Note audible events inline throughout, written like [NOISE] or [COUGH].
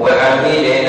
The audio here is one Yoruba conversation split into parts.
وحميد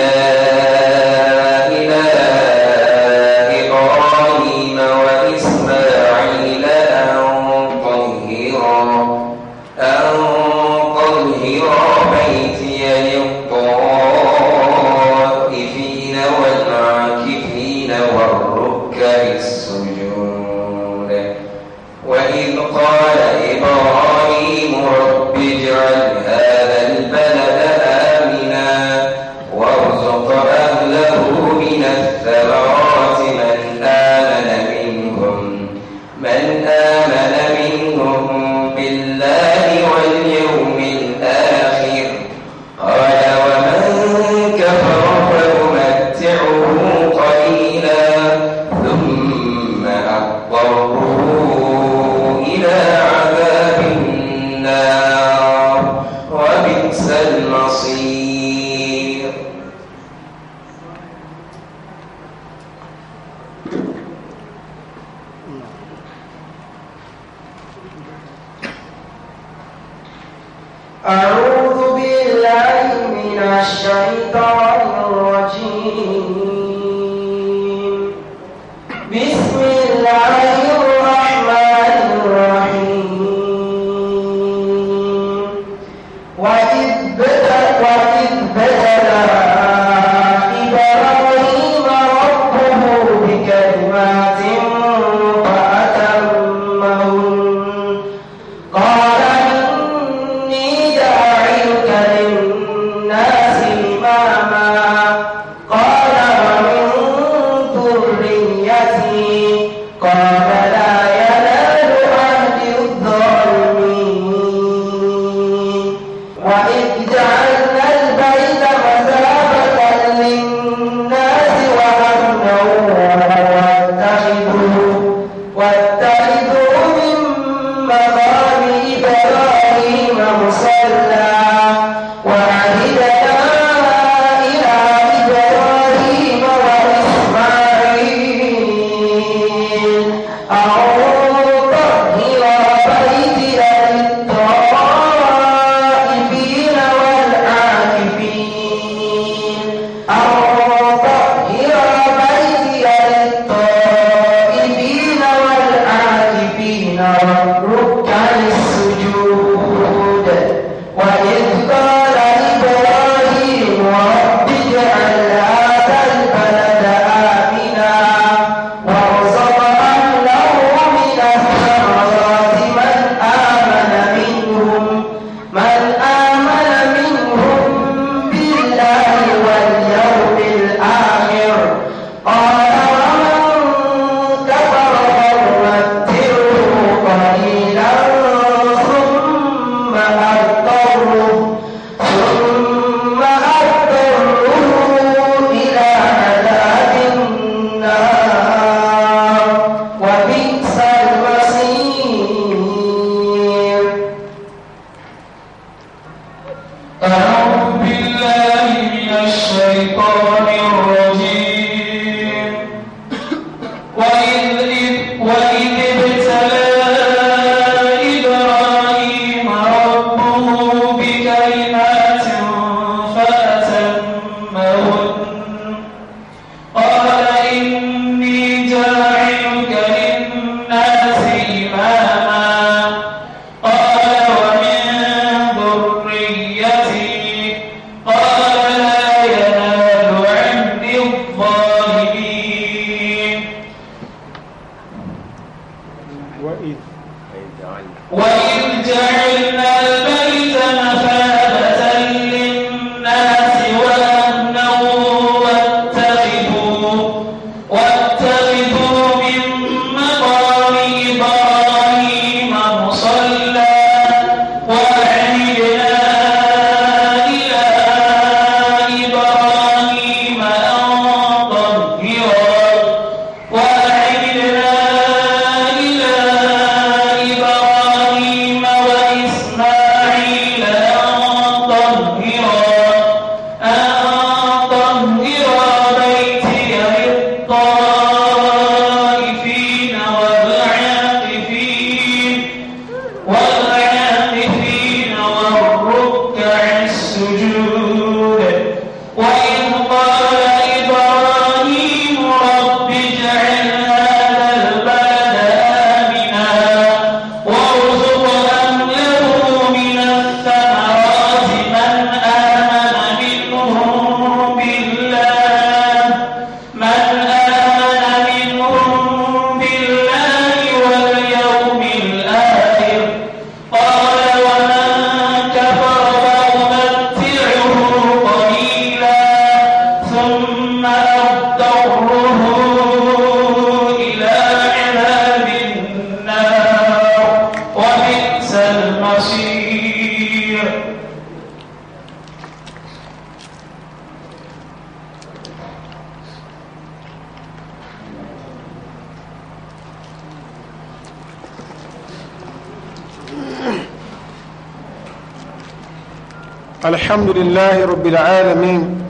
الحمد لله رب العالمين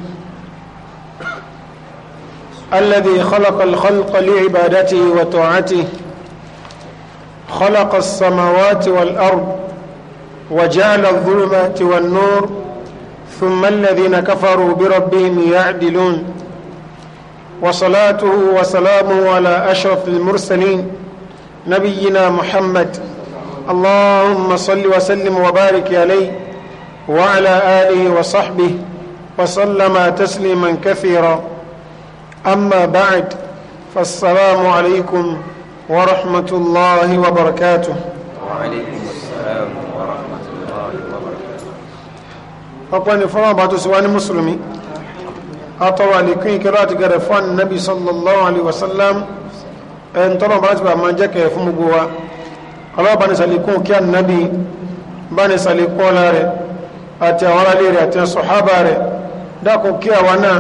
الذي خلق الخلق لعبادته وطاعته خلق السماوات والأرض وجعل الظلمات والنور ثم الذين كفروا بربهم يعدلون وصلاته وسلامه على أشرف المرسلين نبينا محمد اللهم صل وسلم وبارك عليه وعلى آله وصحبه وسلم تسليما كثيرا أما بعد فالسلام عليكم ورحمة الله وبركاته وعليكم السلام ورحمة الله وبركاته أقواني فرما بعد مسلمي أطوى لكي كرات غرفان النبي صلى الله عليه وسلم أن ترى بعد ما جاك يفهم قوة الله بني سليكون كان النبي بني سليكون لاري àti àwọn aráàlú rẹ̀ àti sọ̀hábà rẹ̀ dákun kí àwa náà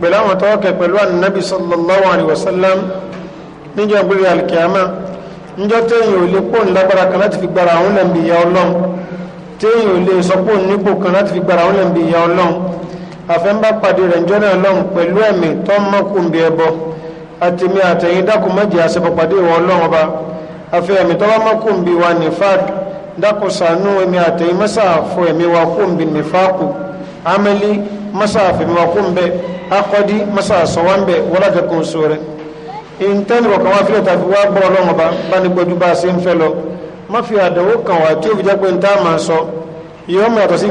pẹ̀lú àwọn tó wọ́kẹ̀ pẹ̀lú ànábì sallallahu alayhi wa sallam níjọ́ ìgbéri alkiyama níjọ́ téèyàn ò lè pò ní lágbára kan láti fi gbára àwọn lẹ́m̀bì ìyá ọlọ́run téèyàn ò lè sọ pò nípò kan láti fi gbára àwọn lẹ́m̀bì ìyá ọlọ́run àfẹ́ńbà pàdé rẹ̀ níjọ́ náà lọ́run pẹ̀lú ẹ̀mí tó ń mọ́kùn bí ẹbọ àtẹ̀mí àtẹ̀yìn dákun mẹ́jẹ̀ àṣepọ̀ pàdé ìwọ ọlọ́run ọba àfẹ́ ẹ̀mí tó bá mọ́kùn bí wa nífàdì dákò sànú ẹ̀mí àtẹ̀yìn mọ́sàáfọ́ ẹ̀mí wa kó ń bi nífàkù amẹ́lí mọ́sàáfọ́ ẹ̀mí wa kó ń bẹ akọ́dí mọ́sàásọ́ wa ń bẹ wọ́n láti kún so rẹ̀ ìntẹ́ni ọ̀kan wá fílẹ̀ tàbí wá gbọ́ ọlọ́run bá bá ní gbẹ́jú bá a ṣe ń fẹ́ lọ má si àdánwò kan wá tí ó fi jẹ́ pé ntá máa sọ ìyọ́ mọ̀ yàtọ̀ sí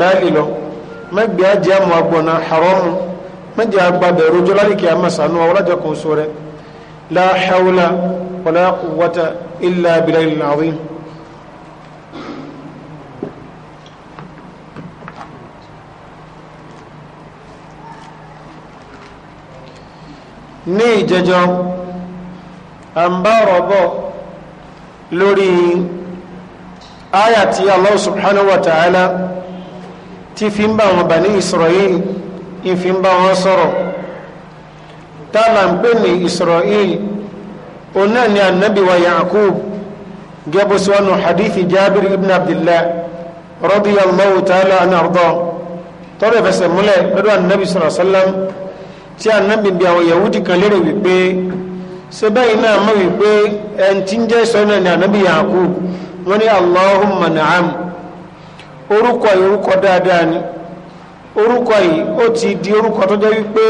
nǹkan tá máa mẹgbẹ ajẹ mu agbọnà haramu mẹjẹ agbábẹ rojọ lálẹkẹ amasanu awolajà kan so rẹ la hawla wala quwwata illa billahil azim. ní ìjẹjọ à ń bá ọ̀rọ̀ bọ̀ lórí àyà tí Allah subhanahu wa ta'ala tí fi ń bá wọn Bani Israel ìfi ń bá wọn sọ̀rọ̀ tààlà ń pè ní Israel òun náà ni anabi wa Yaqub gẹ́bù síwánu hadithi Jabir ibn Abdillah radiyallahu ta'ala an arda tọ́rọ ìfẹsẹ̀ múlẹ̀ anabi sallallahu alaihi tí anabi bí àwọn yahudi kan lérò wípé ṣe báyìí náà mọ̀ wípé ẹni tí ń jẹ́ sọ́nà ni anabi Yaqub wọ́n ní Allahumma na'am. orúkọ yìí orúkọ dáadáa ni orúkọ yìí ó ti di orúkọ tó jẹ́ wípé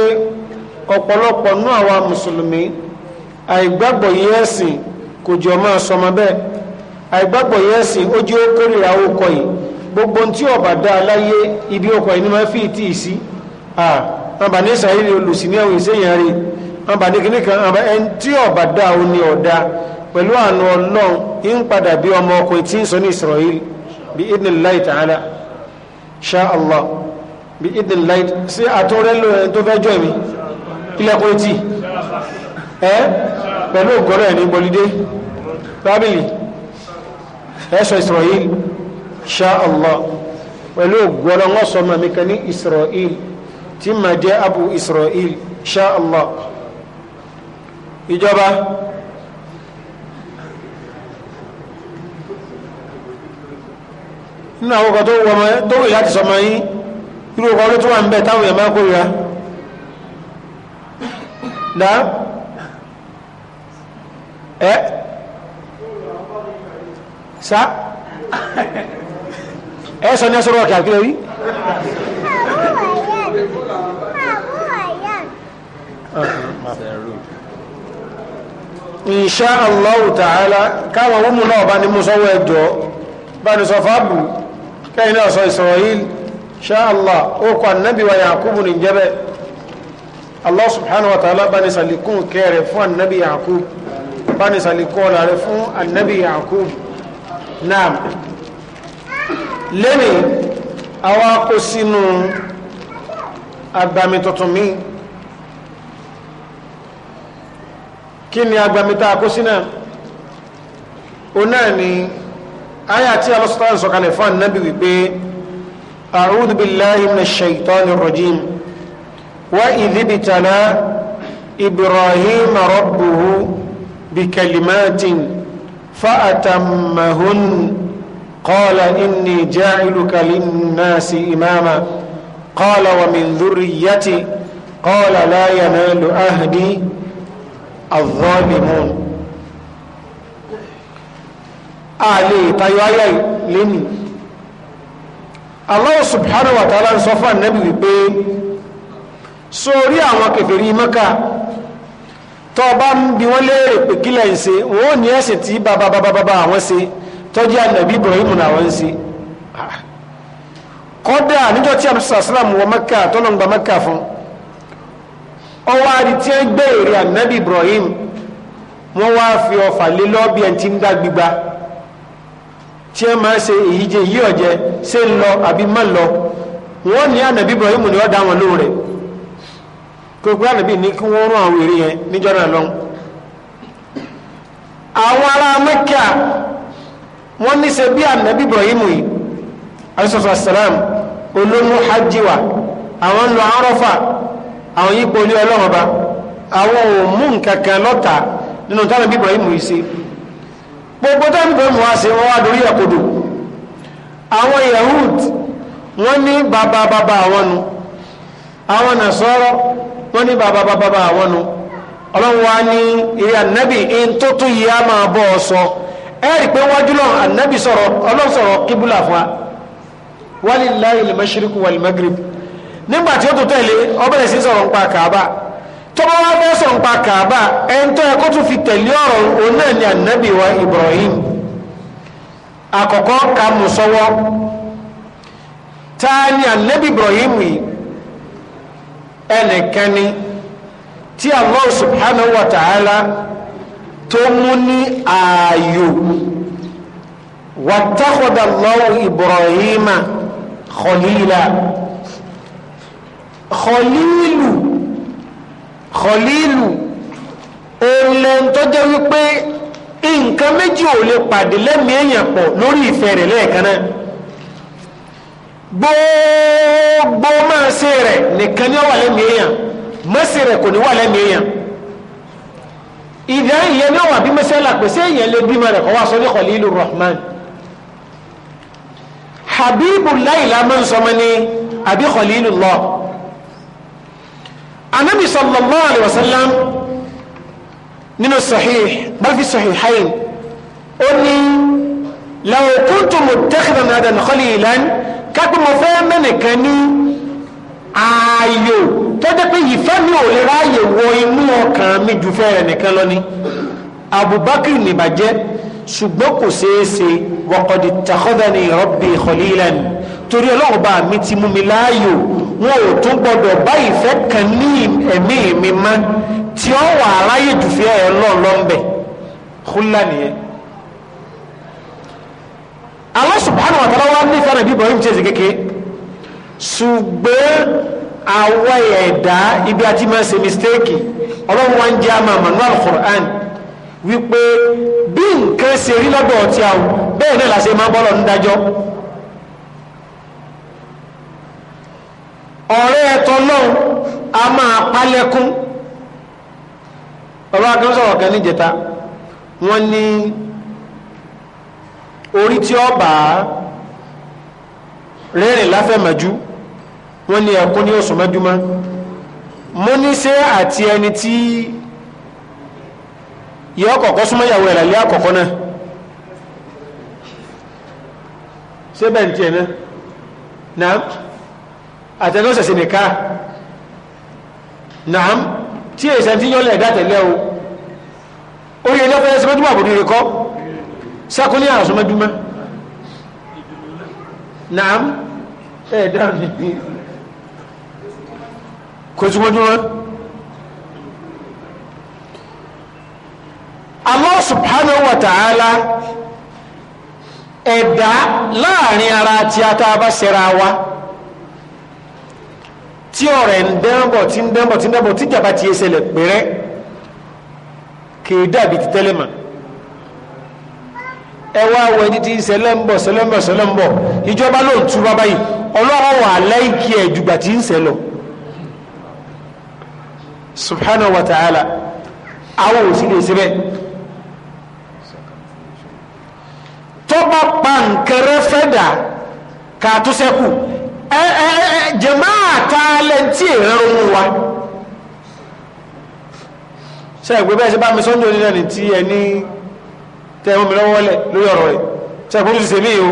ọ̀pọ̀lọpọ̀ nú àwa mùsùlùmí àìgbàgbọ́ yìí ẹ̀sìn kò jọ máa sọmọ bẹ́ẹ̀ àìgbàgbọ́ yìí ẹ̀sìn ó jẹ́ ó orúkọ yìí gbogbo tí ọba dá ibi yìí ni fi sí àbá ní ní àwọn àbá ní kíní kan àbá ẹni tí ọba dá o ní ọ̀dá ọmọ ọkùnrin tí ń sọ بإذن الله تعالى شاء الله بإذن الله سي أتوري لو تفا جومي إلا قلتي ها بلو قرأني بولدي بابلي ẹ̀ṣọ́ Israel ṣá Allah pẹ̀lú ògbọ́nà wọ́n sọ ma mẹ́ka ní Israel tí ma jẹ́ abu Israel ṣá Allah ìjọba nínú àwọn ọkọ̀ tó wọ́n tó wù láti sọmọ yín irú ọkọ̀ ló tún wà ń bẹ̀ táwọn èèyàn máa kórìíra dá ẹ sá ẹ sọ ní ẹ sọ̀rọ̀ ọkẹ àkílẹ rí. insha Allah ta'ala káwọn ọmọ náà bá ní mú sọ́wọ́ ẹjọ́ bá ní sọ fáàbù lẹ́yìn náà sọ Israel ṣáàlá ó kọ ànábì wa Yakubu ní jẹ́bẹ̀ Allah subhanahu wa ta'ala bani salikun kẹrẹ fún ànábì Yakub bani salikun ọ̀la rẹ fún ànábì Yakub naam lẹ́yìn àwa kó sínú agbami tuntun míì kí ni agbami tá a kó sínú ọ náà ni aya tí alọ́sọ́tà ń sọ̀kalẹ̀ fún ànábì wípé a'udhu billahi minash shaitani rajim wa idh ibtala ibrahim rabbuhu bikalimatin fa'atammahun qala inni ja'iluka linnasi imama qala wa min dhurriyyati qala la yanalu ahdi adh-dhalimun àlè ìtayọ ayá leni Allah subhanahu wa ta'ala ń sọ fún ànábì wípé sórí àwọn kèfèrí mọ́ká tó bá ń bi wọ́n léèrè pé kílẹ̀ ń ṣe wọ́n ní ẹ̀sìn tí bá àwọn ṣe tó jẹ́ ànábì Ibrahim náà wọ́n ṣe kọ́dà níjọ́ tí àmìsàsílámù wọ tó lọ́ngbà fún ọwọ́ tí gbé èrè Ibrahim wọ́n wá fi ọfà lé lọ́bí ẹ̀ ń dá gbígba tí a máa ṣe ìyíje yí ọ̀jẹ́ ṣe ń lọ àbí má lọ wọ́n ní ànàbí Ibrahim ni wọ́n dá wọn lóhùn gbogbo ànàbí ní kí wọ́n rún àwọn èrè yẹn náà lọ́hùn. àwọn ará Mẹ́kà wọ́n ní ṣe bí ànàbí Ibrahim yìí alisọ́sọ́ salam olómú àwọn ń lọ àwọn yìí àwọn ò mú nǹkan kan lọ́ta nínú gbogbo tẹ́m̀pẹ́ mú wá sí wọ́n wá yahud wọ́n ní bàbá bàbá àwọn nu àwọn nàṣọ́rọ́ wọ́n ní bàbá bàbá àwọn nu ọlọ́run wá ní ilé ànábì in yìí á máa bọ́ ọ sọ ẹ rí pé wájú náà ànábì sọ̀rọ̀ ọlọ́run sọ̀rọ̀ wal nígbà tí ó tó tẹ̀lé tọ́bọ́ wá fẹ́ sọ nípa kàábà ẹni tó yẹ kó tún fi tẹ̀lé ọ̀rọ̀ òun náà ni ànábì wa Ibrahim àkọ́kọ́ ka mú sọ́wọ́ ta ni ànábì Ibrahim yìí ẹnìkẹ́ni tí Allah subhanahu wa ta'ala tó mú ní ààyò wàtàkọ̀dà lọ́wọ́ Ibrahim khalila khalilu kọ̀lílù ohun tó jẹ́ wípé nǹkan méjì ò lè pàdé lẹ́mìí èèyàn pọ̀ lórí ìfẹ́ rẹ̀ lẹ́ẹ̀kan náà gbogbo máa ṣe rẹ̀ nìkan ní ó wà lẹ́mìí èèyàn mọ́sí rẹ̀ kò ní wà lẹ́mìí èèyàn ìdá ìyẹn ní ó wà bí mẹ́sẹ́lá pèsè èèyàn lè bímọ rẹ̀ kọ́ wá sọ ní kọ̀lílù rahman habibu láìlá máa ń ní àbí kọ̀lílù lọ́ọ̀ anabi sallallahu alayhi wa sallam nínú sahih balfi sahihayn ó ní law kuntu muttakhidan hadan khalilan kápẹ́ mo fẹ́ mẹ́nìkan ní ààyò tó jẹ́ pé ìfẹ́ mi ò lè ráàyè wọ inú ọkàn mi jù fẹ́ rẹ̀ nìkan lọ ni Abubakar nìbàjẹ́ ṣùgbọ́n kò ṣeé ṣe wọ́kọ̀dì takọ́dání rabbi khalilan torí ọlọ́run bá mi ti mú mi láàyò wọn ò tún gbọdọ̀ báyìí fẹ́ kàn ní ẹ̀mí mi mọ́ tí ó wà aráyè dùfẹ́ ẹ̀ lọ́ọ̀lọ́mbẹ̀ kúlá nìyẹn. Allah subhanahu wa ta'ala wá nífẹ̀ẹ́ rẹ̀ bí ṣe kéke ṣùgbọ́n àwa ẹ̀dá ibi àti máa ṣe mistake ọlọ́run wá ń jẹ́ àmàmà ní quran wípé bí nǹkan ṣe rí lọ́dọ̀ ọtí àwọn bẹ́ẹ̀ náà làṣẹ máa bọ́lọ̀ ń dájọ́ ọ̀rẹ́ ẹ̀tọ́ lọ́hùn a máa pálẹ́kún bàbá kan sọ̀rọ̀ kan wọ́n ní orí tí ó bá rẹ́rìn láfẹ̀mọ́jú wọ́n ní ẹkún ní oṣù mẹ́júmọ́ mo ní ṣe àti ẹni tí. yọ kọ̀kọ́ súnmọ́ ìyàwó ẹ̀rẹ̀ ilé àkọ́kọ́ náà ṣé bẹ́ẹ̀ ní tiẹ̀ náà náà àtẹnú ṣẹ̀ṣẹ̀ nìka náà tí èsẹ̀ tí yọ lẹ̀dá tẹ̀lé o orí ilé ọ̀fẹ́ ẹsẹ̀ mẹ́tùmọ̀ àbòdì rẹ̀ kọ́ sákúlé àṣọ mẹ́tùmọ́ náà ẹ̀ẹ́dá kò túnmọ́túnmọ́ Allah subhanahu wa ta'ala ẹ̀dá láàrin ara tí a tá bá ṣẹra wa tí ọ̀rẹ́ ń dẹ́rọ̀bọ̀ tí ń dẹ́rọ̀bọ̀ tí ń dẹ́rọ̀bọ̀ tí jàbá pẹ̀rẹ́ kìí dàbí ti tẹ́lẹ̀mà ẹ wá wọ ẹni tí ń ìjọba ló ń tú bá báyìí wà láìkí ẹ̀ jùgbà tí nkẹrẹ fẹ́dà kàtúnṣẹ́kù jẹmáà tààlẹ́ntì ìrẹ̀rùn wa ṣe ìgbé bẹ́ẹ̀ sí bá mi sọ́njọ́ nínú ẹni tí ẹni tẹ́wọ́n mi lọ́wọ́ lẹ̀ lórí ọ̀rọ̀ rẹ̀ ṣe ìgbóhùn sí mi o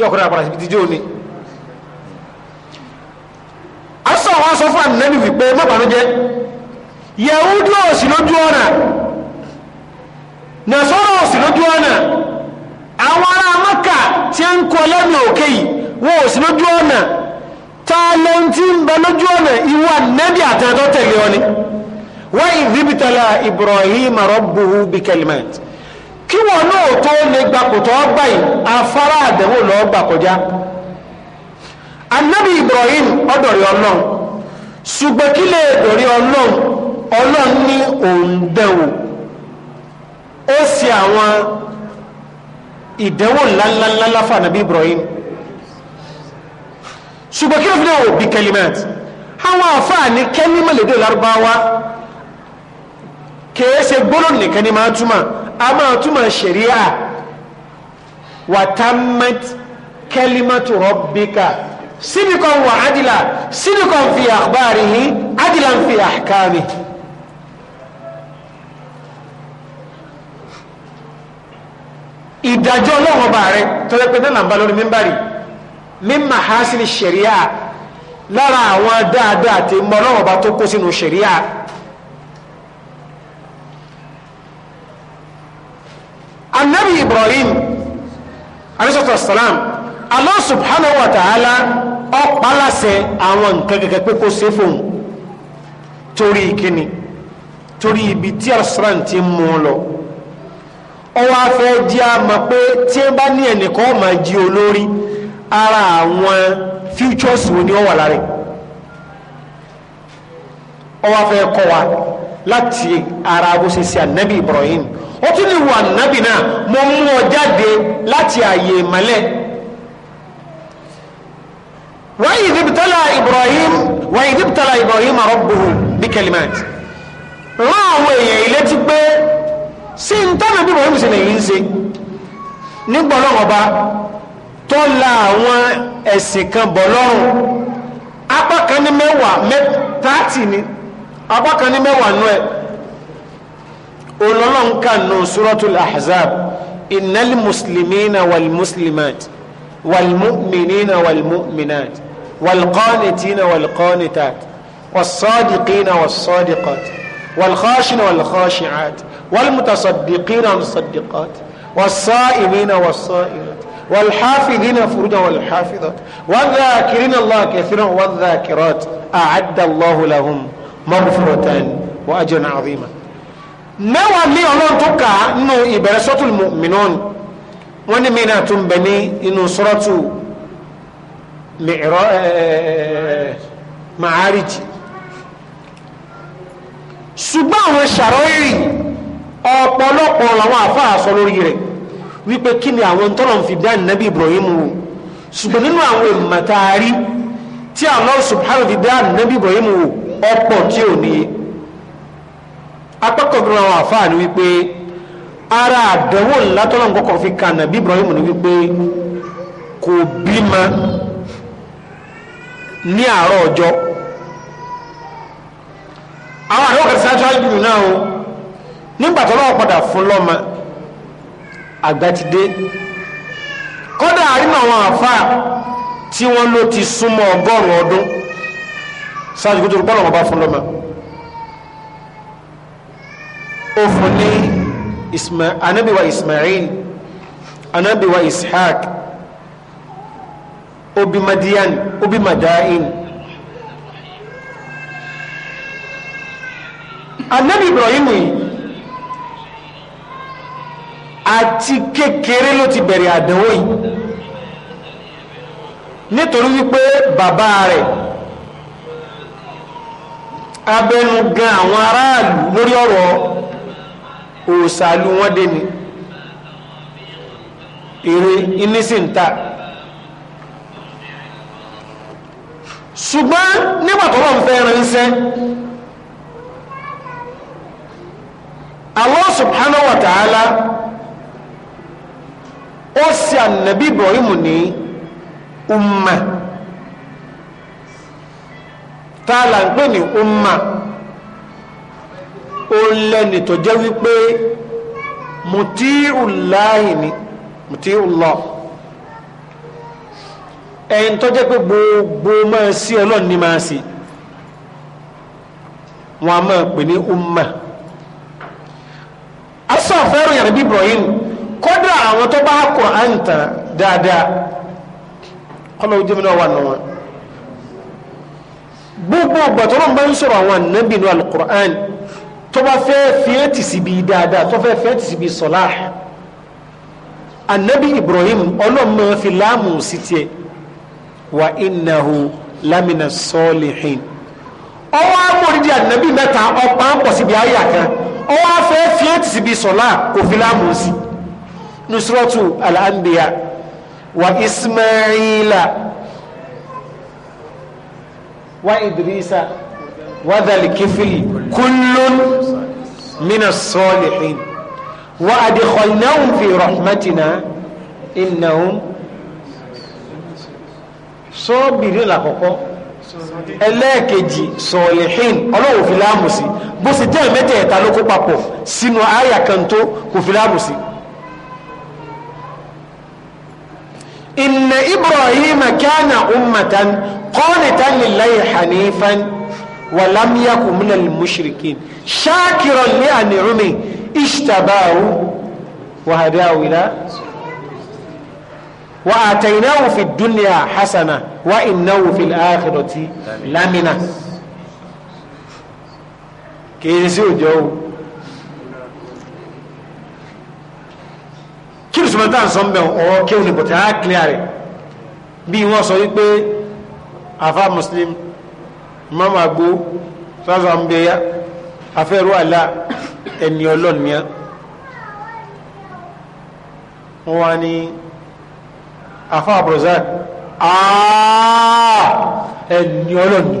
yọkùnrin àpàrà sí ìdíjọ́ ni asọ̀ wọn sọ fún ànínẹ́bì wípé mọ́bàánú jẹ́ yẹ̀húdú òsì lójú ọ̀nà nàṣọ́rọ̀ òsì lójú ọ̀nà àwọn ará maka tí ń kọ lẹ́nu òkè yìí wọ́n òsì lójú ọ̀nà tá a lọ tí ń bẹ lójú ọ̀nà ìwà nẹ́bí àtẹ́tọ́ tẹ̀lé ọ ni wọ́n ìdíbitala Ibrahim rabbuhu bi kalimat kí wọn náà tó lè gbapòtò ọgbà yìí afárá àdẹ̀wò lọ́ọ́ gbà kọjá anabi Ibrahim ọdọ̀rẹ́ ọlọ́run ṣùgbọ́n kí lè dọ̀rẹ́ ọlọ́run ọlọ́run ní òun ó sì àwọn ìdẹ́wò ńláńláńlá fún ànábì Ibrahim ṣùgbọ́n kí ló fi dé wò bí kẹlímẹ́t àwọn àfáà ní kẹlímẹ́ lédè lárúbáwá kìí ṣe gbólóhùn nìkan ni máa túmọ̀ a máa túmọ̀ ṣẹ̀ríà wàtámẹ́t kẹlímẹ́tù rọ́bíkà sídìkan wà ádìlà sídìkan fi àkbárihi ádìlà fi ahkamihi. ìdájọ́ ọlọ́run ọba rẹ tọ́jọ́ pé náà bá lórí mímbàrí mímà ha sí ni ṣẹ̀ríà lára àwọn dáadáa àti mọ ọlọ́run ọba tó kó sínú ṣẹ̀ríà anabi ibrahim alayhi salam allah subhanahu wa ta'ala ọ̀pálàṣẹ àwọn nǹkan kẹ̀kẹ́ pé kó ṣe fóun torí ìkíni torí ibi tí arsalan ti mú lọ ọwọ́ afẹ́ jí a mọ̀ pé tí ń bá ní ẹnìkan ara àwọn futures wo ni ó wà lára ara bó ṣe ṣe Ibrahim ó tún lè wo ànábì náà mo mú ọ jáde láti ààyè ìmọ́lẹ̀ Ibrahim wa idh Ibrahim bí rán ti pé. sí ń tánà bí mọ̀lẹ́bí sílẹ̀ yìí ń ṣe nígbà ọlọ́run ọba tó la àwọn ẹ̀sìn kan bọ̀ lọ́rùn apá kan ní mẹ́wàá mẹ́tàtì ni apá kan ní mẹ́wàá nú ẹ̀ olọ́lọ́run kà nù suratul ahzab innal muslimina wal muslimat wal mu'minina wal mu'minat wal qanitina wal qanitat was sadiqina was sadiqat wal والمتصدقين والمصدقات والصائمين والصائمات والحافظين فروجا والحافظات والذاكرين الله كثيرا والذاكرات أعد الله لهم مغفرة وأجرا عظيما mẹ́wàá ní أن tó kà á nínú ìbẹ̀rẹ̀ sọ́tù mìíràn wọ́n ní mìíràn ṣùgbọ́n àwọn ṣàrọ́ ọ̀pọ̀lọpọ̀ àwọn àfáà sọ lórí rẹ̀ wípé kí ni àwọn tọ́lọ̀ fi dá nàbí Ibrahim wò ṣùgbọ́n nínú àwọn ìmọ̀taari tí Allah subhanahu fi dá nàbí Ibrahim wò ọ̀pọ̀ tí ò níye apákọ̀gbọ̀n àwọn àfáà ni wípé ara àdẹ̀wò ńlá tọ́lọ̀ kọ́kọ́ fi ka nàbí Ibrahim ni wípé kò bímọ ní àárọ̀ ọjọ́ àwọn àdéhùn kẹsàn nígbà tó lọ́wọ́ padà fún lọ́mọ àgbà ti dé kódà àrínà àwọn àfáà tí wọ́n ló ti súnmọ́ ọgọ́rùn ọdún sáájú kótó pọ́lọ̀ ọba fún lọ́mọ ó fún ní anábìwa Ismail anábìwa Ishaq obi Madian obi Madain anábì Ibrahim yìí àti kékeré ló ti bẹ̀rẹ̀ àdánwò yìí nítorí wípé bàbá rẹ̀ abẹnugan àwọn aráàlú lórí ọ̀rọ̀ òòsàlú wọn dé ni èrè inísìntà ṣùgbọ́n nígbà tó wọ́n fẹ́ ránṣẹ́ Allah subhanahu wa ta'ala ó sì ànàbí Ibrahim ní umma tààlà ń pè ní umma ó lẹ́ni tó jẹ́ wípé mutiulahi ni mutiullah ẹni tó jẹ́ pé gbogbo máa sí ọlọ́run ní máa sí wọn a máa pè ní umma asọ́ yàrá bí Ibrahim kódà àwọn tó bá Kùránì tán dáadáa ọlọ́run jẹ́ mi náà wà nù wọn gbogbo gbàtọ́rọ̀ bá ń sọ̀rọ̀ àwọn ànábì ní alukur'an tó bá fẹ́ fẹ́ẹ̀tì sí bí dáadáa tó fẹ́ fẹ́ẹ̀tì sí bí sọ̀lá ànábì Ibrahim ọlọ́mọ fi láàmù sí tiẹ̀ wa innahu lamina sọ́ọ̀lìhìn ọwọ́ amòrídìí ànábì mẹ́ta ọ̀pá ń pọ̀ síbi ayé àkàn ọwọ́ afẹ́ fẹ́ẹ̀tì sí bí sọ̀lá kò fi láàmù sí i nusratu al-anbiya wa ismaila wa idrisa wa dhalikifili kullun min as-salihin wa adkhalnahum fi rahmatina innahum sọ́bìrì làkọ́kọ́ ẹlẹ́ẹ̀kejì sọ̀lẹ̀hìn ọlọ́wọ̀ fi láàmù sí bó sì jẹ́ mẹ́tẹ̀ẹ̀ta ló kó papọ̀ sínú àyà kan tó kò fi inna ibrahim kana ummatan qanitan lillahi hanifan wa lam yakun minal mushrikin shakiran li an'umi ishtabahu wa hadahu ila wa atainahu fi dunya hasana wa innahu fil akhirati lamina kìí sí kí lùsùmọ̀ tá à ń sọ mbẹ̀ ọ̀rọ̀ kéwù ní bọ̀tẹ̀ á kílẹ̀ rẹ̀ bí wọ́n sọ wípé afa muslim mama gbó sọ́sọ́ ń bẹ̀yà afẹ́rú àlá ẹni ọlọ́ọ̀nìyà wọ́n wá ní afa abrosa ẹni ọlọ́ọ̀nì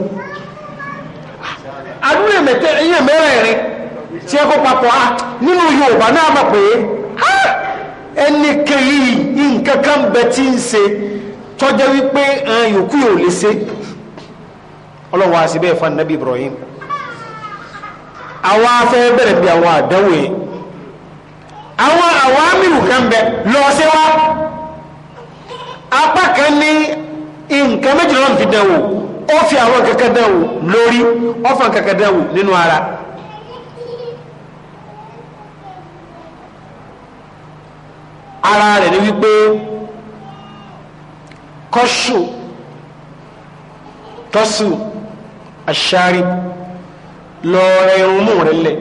àdúrà mẹ́tẹ́ ẹ̀yìn mẹ́rẹ̀ẹ̀rin tí ẹ kó papọ̀ ah, nínú Yorùbá náà mọ̀ pé ẹnikẹ́yìí nǹkan kan bẹ tí ń ṣe tọ́jẹ́ wípé àwọn yòókù yóò lè ṣe ọlọ́run wá sí bẹ́ẹ̀ fún anabi Ibrahim àwọn afẹ́ bẹ̀rẹ̀ bí àwọn àdánwò yẹn àwọn àwọn amírù kan bẹ lọ sí wa apá kan ní nǹkan méjìlélọ́nù fi dánwò ó fi àwọn kankan dánwò lórí ó fi kankan dánwò nínú ara. ara rẹ̀ ni wípé kọ́ṣù tọ́sù àṣàrí lọ rẹ irun mú rẹ lẹ̀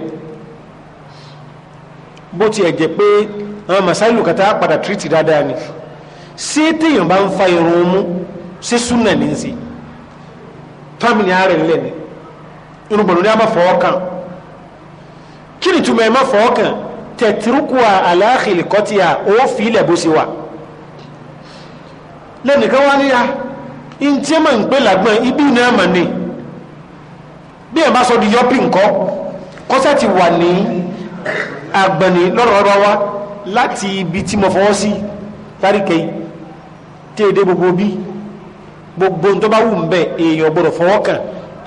bó tiẹ̀ jẹ́ pé àwọn màsáìlù kàtà padà tìrìtì dáadáa ni sí téèyàn bá ń fa irun mú sí súnà ní sí tọ́mì ní ara rẹ̀ lẹ̀ ní a máa fọwọ́ kàn kí ni túmọ̀ ẹ máa fọwọ́ kàn tẹ̀tìrúkùwà aláàkìlìkọ́tìyà ó fi ilẹ̀ bó ṣe wà lẹ́nìkan wá níyà ah, in tí ma ń gbé ibi náà mà ní bí ẹ̀ bá sọ di yọ́pì ńkọ́ kọ́sẹ̀ ti wà ní àgbọ̀nì lọ́rọ̀ọ́rọ̀ wá láti ibi tí mo fọwọ́ sí gbogbo bí gbogbo tó bá wù ń bẹ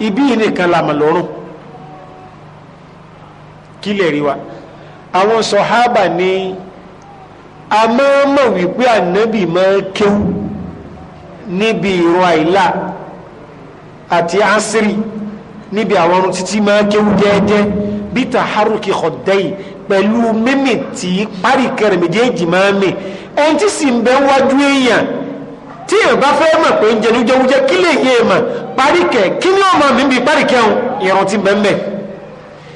ibi nìkan làmà lọ́rùn rí wa àwọn sọ̀hábà ní a máa mọ̀ wípé ànábì máa kéwú níbi ìrun àìlà àti asiri níbi àwọn ọrùn títí máa kéwú jẹ́ẹ́jẹ́ bí tàhárùkì kọ̀dẹ́yì pẹ̀lú mímì tí páríkẹrẹ méjèèjì máa mì ẹni tí sì ń bẹ wájú èèyàn tí èèyàn bá fẹ́ mọ̀ pé ń jẹnujẹwújẹ kí lè yé e mọ̀ páríkẹ kí ni ọmọ mi bí páríkẹ ìrun ti bẹ́ẹ̀ mẹ́ẹ̀.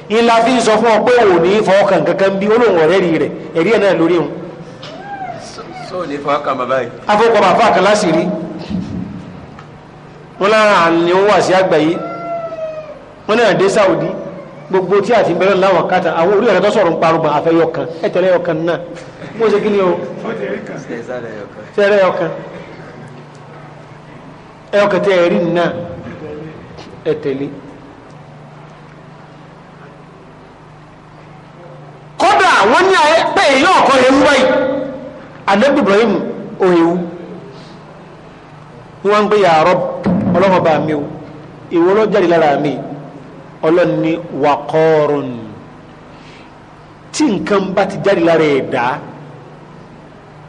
ìlà fi ń sọ fún ọ pé ní kankan bí olóhùn ọ̀rẹ́ rẹ̀ ẹ̀rí ẹ̀ náà lórí so ní bàbá yìí. bàbá kan láti rí ni wọn wà sí wọn náà Saudi gbogbo tí láwọn kàtà àwọn o. tẹ̀lé ọkàn ẹ̀ ọkàn ẹ̀rí náà àwọn ní ayé pé èyí ọkọ ewu báyìí anabi ibrahim ò ewu wọn ń gbé ya ọlọ́wọ́ bá mi o ìwọ ló jáde lára mi ọlọ́ni tí nǹkan bá ti jáde lára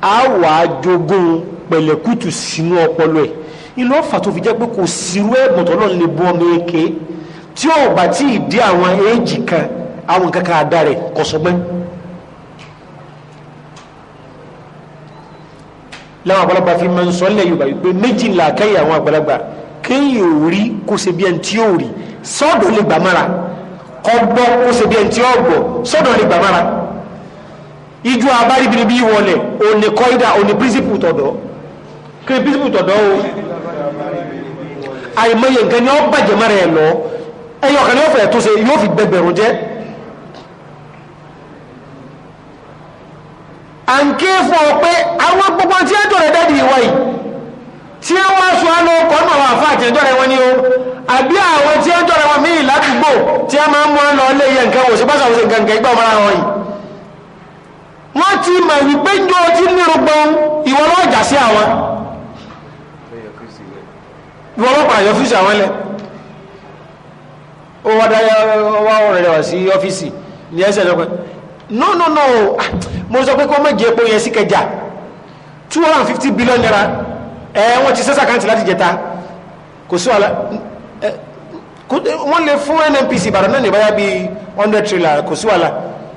a wà á jogún pẹ̀lẹ́kùtù sínú ọpọlọ ẹ̀ ọ̀fà tó fi jẹ́ pé kò sírú tó lè bú ọmọ tí ò bá tí ì dé àwọn kan láwọn àgbàlagbà fi máa ń sọ lẹ́yìn ìgbà wípé méjìlá káyì àwọn àgbàlagbà kéèyàn ò rí kó ṣe bí ẹni tí ò rí sọ́dọ̀ lè gbà mára ọgbọ́ kó ṣe bí ẹni tí ó gbọ́ sọ́dọ̀ lè gbà mára ijó abáribiribi wọlé òní kọ́ídà òní pírísìpù tọ̀dọ̀ kí ni tọ̀dọ̀ o àìmọye nǹkan ni ó bàjẹ́ mọ́ra ẹ̀ lọ ẹ̀yọ̀ ni ó fẹ̀ tó ṣe yóò fi gbẹgbẹ̀rún jẹ́ à ń ké fún ọ pé àwọn gbogbo tí ẹ jọ̀rẹ̀ dẹ́dì ìwọ yìí tí ẹ wá sọ àlọ́ ọkọ̀ náà wà fún àtẹ̀jọ́ rẹ̀ wọn ni o àbí àwọn tí ẹ jọ̀rẹ̀ wọn míì ládùúgbò tí ẹ máa ń mú ọ lọ ilé yẹn nǹkan òsì pásá òsì gàǹgà ìgbà ọmọ ara wọn yìí wọ́n ti mọ̀ wípé ń jọ ti nírúgbọ́n ìwọ lọ́ọ́ jà sí àwọn ìwọ lọ́ọ́ pààyàn ọ́fíìsì àwọn lẹ̀ ó wá dáyà wá ọ̀rẹ́ rẹ̀ wá sí ọ́fíìsì ní ẹsẹ̀ lọ́pẹ́ no no no ah, mo sọ pé kó mọ̀ jẹ́ epo yẹn sí kẹjà two hundred fifty billion naira ẹ wọ́n ti sẹ́sà kántì láti jẹta kò sí wàhálà wọ́n lè fún nnpc ìbàdàn náà níbàyà bíi one hundred trillion kò sí wàhálà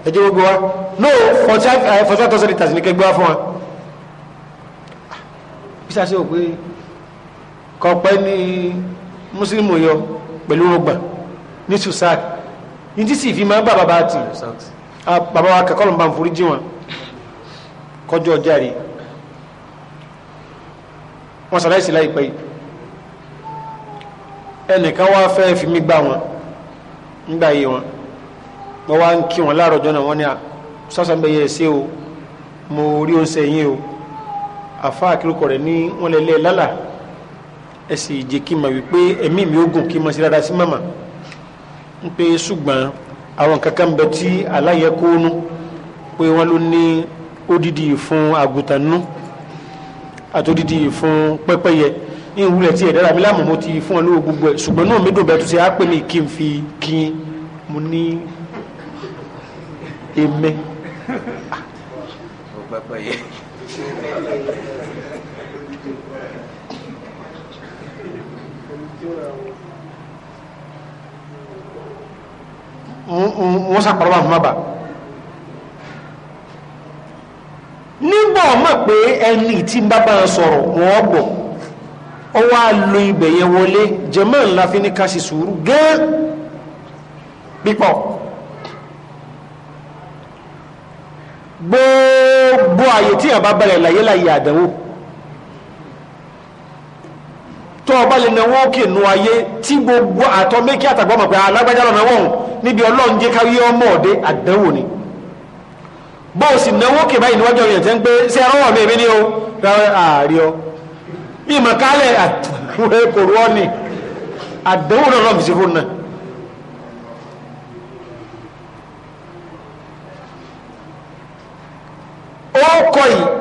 ẹjẹ́ gbogbo wa no forty five forty five thousand litres ní kẹgbẹ́ wa fún wa bí sáà sí ò pé kọ̀pẹ́ ní mùsùlùmù yọ pẹ̀lú ọgbà ní susak ní tí sì fi máa bá bàbá tì bàbá wa kàkọ́lù bá ń forí jí wọn kọjọ járe wọn sàláìsì láìpẹ́ yìí ẹnìkan wá fẹ́ fi mí gbà wọn nígbà yìí wọn mo wá ń kí wọn láàárọ̀ ọjọ́ náà wọ́n ní à sọ́sàn bẹ́ẹ̀ yẹ ṣe o mo rí oúnjẹ yín o àfa àkírúkọ rẹ̀ ní wọ́n lè lé lálà ẹ sì jẹ́ kí n mọ̀ wípé ẹ̀mí mi ó gùn kí n mọ̀ sí dáadáa sí màmá ń pe ṣùgbọ́n àwọn kankan bẹ tí aláyẹkónú pé wọ́n ló ní odidi fún àgùntàn nú àtòdidi fún pẹ́pẹ́yẹ ní ìwúlẹ̀ tí ẹ̀dára mi láàmú mo ti fún ọ lówó gbogbo ẹ̀ ṣùgbọ́n náà mi dùn bẹ́ẹ̀ tó ṣe á pè kí n fi kí n mo ní èmi. wọ́n sàpàlọ́wà fún bàbá nígbà ọmọ pé ẹni tí ń bàbá sọ̀rọ̀ wọ́n gbọ̀ wá lo ibẹ̀ yẹn wọlé jẹ́mọ́ ńlá fi ní ká ṣe sùúrù gán pípọ̀ gbogbo àyè tí àbá balẹ̀ láyé láyé àdánwò tó ọba lè náwó òkè nù ayé tí gbogbo àtọ mékì àtàgbọ́ mọ̀ pé alágbájá lọ́nà wọ̀n níbi ọlọ́run jẹ́ káwí ọmọ ọ̀dẹ́ àdánwò ni bó o sì náwó òkè báyìí níwájú ọ̀yàn tẹ́ ń pé ṣé ẹran wọ̀ mí ní o rárá ààrẹ ọ bí ìmọ̀ kálẹ̀ àtúwé [LAUGHS] kò rọ́ ni àdánwò náà lọ́ọ̀ fi fún náà ó kọ yìí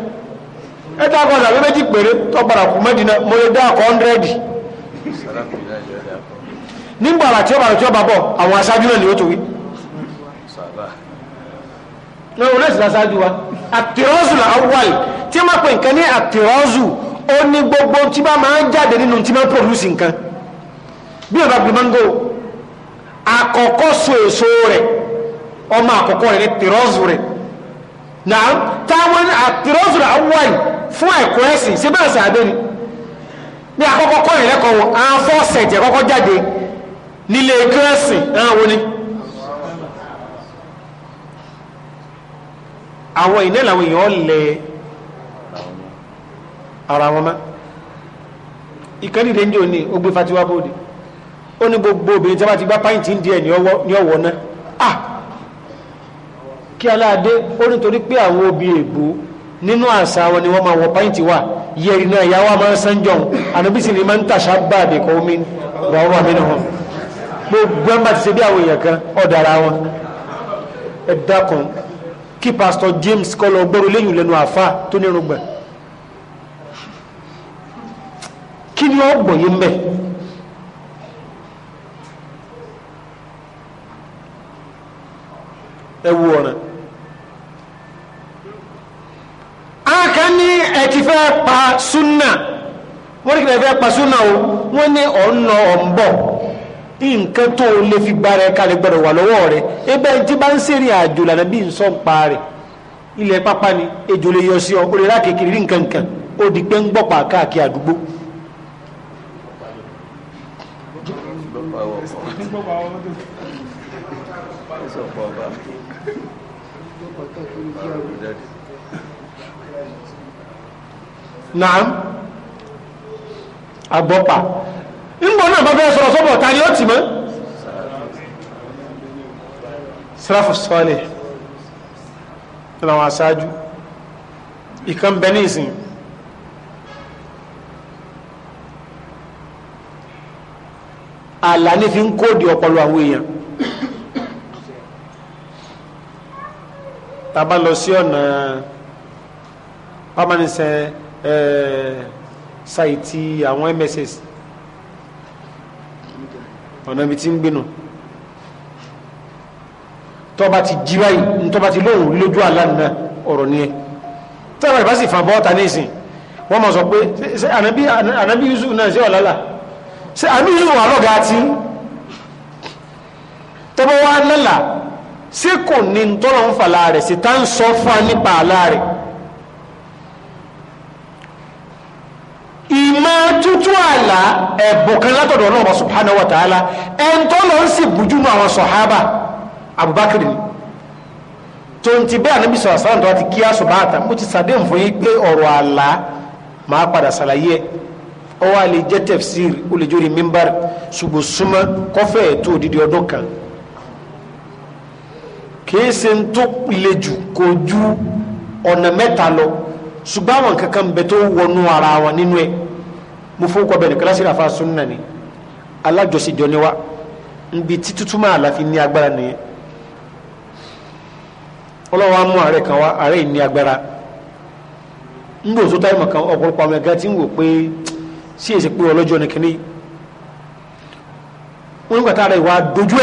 e akọ́sà bí méjì péré tọ́gbàrà kù mẹ́dínà mo lè dá akọ́ ọ́ndẹ́rẹ́dì nígbàrà tí ó bàrà tí ó bà àwọn aṣáájú náà ni ó tó ní gbogbo tí bá máa ń jáde nínú tí máa nǹkan bí ọba gbìmọ́ngò àkọ́kọ́ so èso rẹ̀ ọmọ àkọ́kọ́ rẹ̀ rẹ̀ fún ẹ̀kọ́ ẹ̀sìn ṣe bẹ́ẹ̀ àdé ni ní àkọ́kọ́ kọ́ ìrẹ́kọ̀ọ́ wọn àwọn fọ́ọ̀sẹ̀tì ẹ̀kọ́kọ́ jáde nílé kírẹ́sìn náà ni àwọn ìdẹ́ làwọn èèyàn lẹ ara wọn mọ́ ìkẹ́lì ní ó ogbe fatiwa bóde ó ní gbogbo obìnrin tí a bá ti gbá pàìntì díẹ̀ ní ọwọ́ náà a ah! kí aláàdé ó nítorí pé àwọn obì ègbò nínú àṣà wọn ni wọ́n máa wọ pàǹtì wà yẹ̀rì náà ìyá wa máa ń sánjọ́ ànúbísì ni máa ń tàṣà bá àbẹ̀kọ́ omi rọrùn àmínú hàn gbogbo ẹ̀ ti ṣe bí àwọn kan ọ̀dàrà wọn ẹ kí pásítọ̀ James kọ́ lọ gbọ́rọ̀ lẹ́yìn lẹ́nu àfa tó nírun gbà kí ni ó gbọ̀yé mbẹ́ ẹ wo ọ̀ràn. wọ́n ní ẹ ti fẹ́ pa súnà wọ́n ní kí fẹ́ pa súnà o wọ́n ní ọ̀nà ọ̀nbọ̀ nǹkan tó lè fi gbára ẹ̀ka lè gbọ́dọ̀ wà lọ́wọ́ rẹ̀ ebe tí bá ń sèrè àjò lànà bí nsọ́ ń pa rẹ̀ ilẹ̀ pápá ni ejò lè yọ sí ọ ó lè rà kékeré nǹkan kan ó di pé ń gbọ́pà káàkiri àdúgbò. Thank [LAUGHS] you naam abọ́pa ńgbọ́n náà bá fẹ́ sọ̀rọ̀ sọ́bọ̀ ta ni ó ti mọ́ sarafu sọ́ọ̀lẹ̀ làwọn aṣáájú ìkan bẹ ní ìsìn àlà ní fi ń kóòdì ọpọlọ àwọn èèyàn tá bá lọ sí ọ̀nà pámánisẹ́ ṣáìtì àwọn mss ọ̀nà ibi tí ń gbénu ti jí báyìí tọ́ba ti lóhùn lójú àlá ọ̀rọ̀ ni ẹ tọ́ba ìbá sì fàn bọ́ọ̀ta ní ìsìn wọ́n sọ pé ṣe ànábí yusuf náà ṣe ọ̀lálà ṣe ànábí yusuf wà lọ́gàá tí tọ́ba wà lọ́là ṣé kò ní ń fà ìmọ̀ tútù ala ẹ̀bùn kan látọ̀dọ̀ Ọlọ́run subhanahu wa ta'ala ẹn tó lọ ń sì bùjú mọ́ àwọn Abubakar ni tó ń ti bẹ́ẹ̀ Ànábì sọ̀rọ̀ ti bá mo ti sàdéhùn fún yín pé ọ̀rọ̀ àlá máa padà ṣàlàyé ẹ̀ ọ wá lè jẹ́ tafsir ó lè jórí odidi ọdún kan kìí ṣe ń ju ọ̀nà mẹ́ta lọ ṣùgbọ́n àwọn kankan bẹ tó wọnú ara mo fowókọ bẹ́ẹ̀ nìkan lásìrò àfa sunna ni alájọsíjọ ni wa nbi titutuma alafi láfi ní agbára nìyẹn ọlọ́wọ́ á kan wa ààrẹ yi agbára ńgbò tó táyìmọ̀ kan ọ̀pọ̀lọpọ̀ àwọn ẹ̀gá tí pé sí èsì ni a rẹ ìwà dojú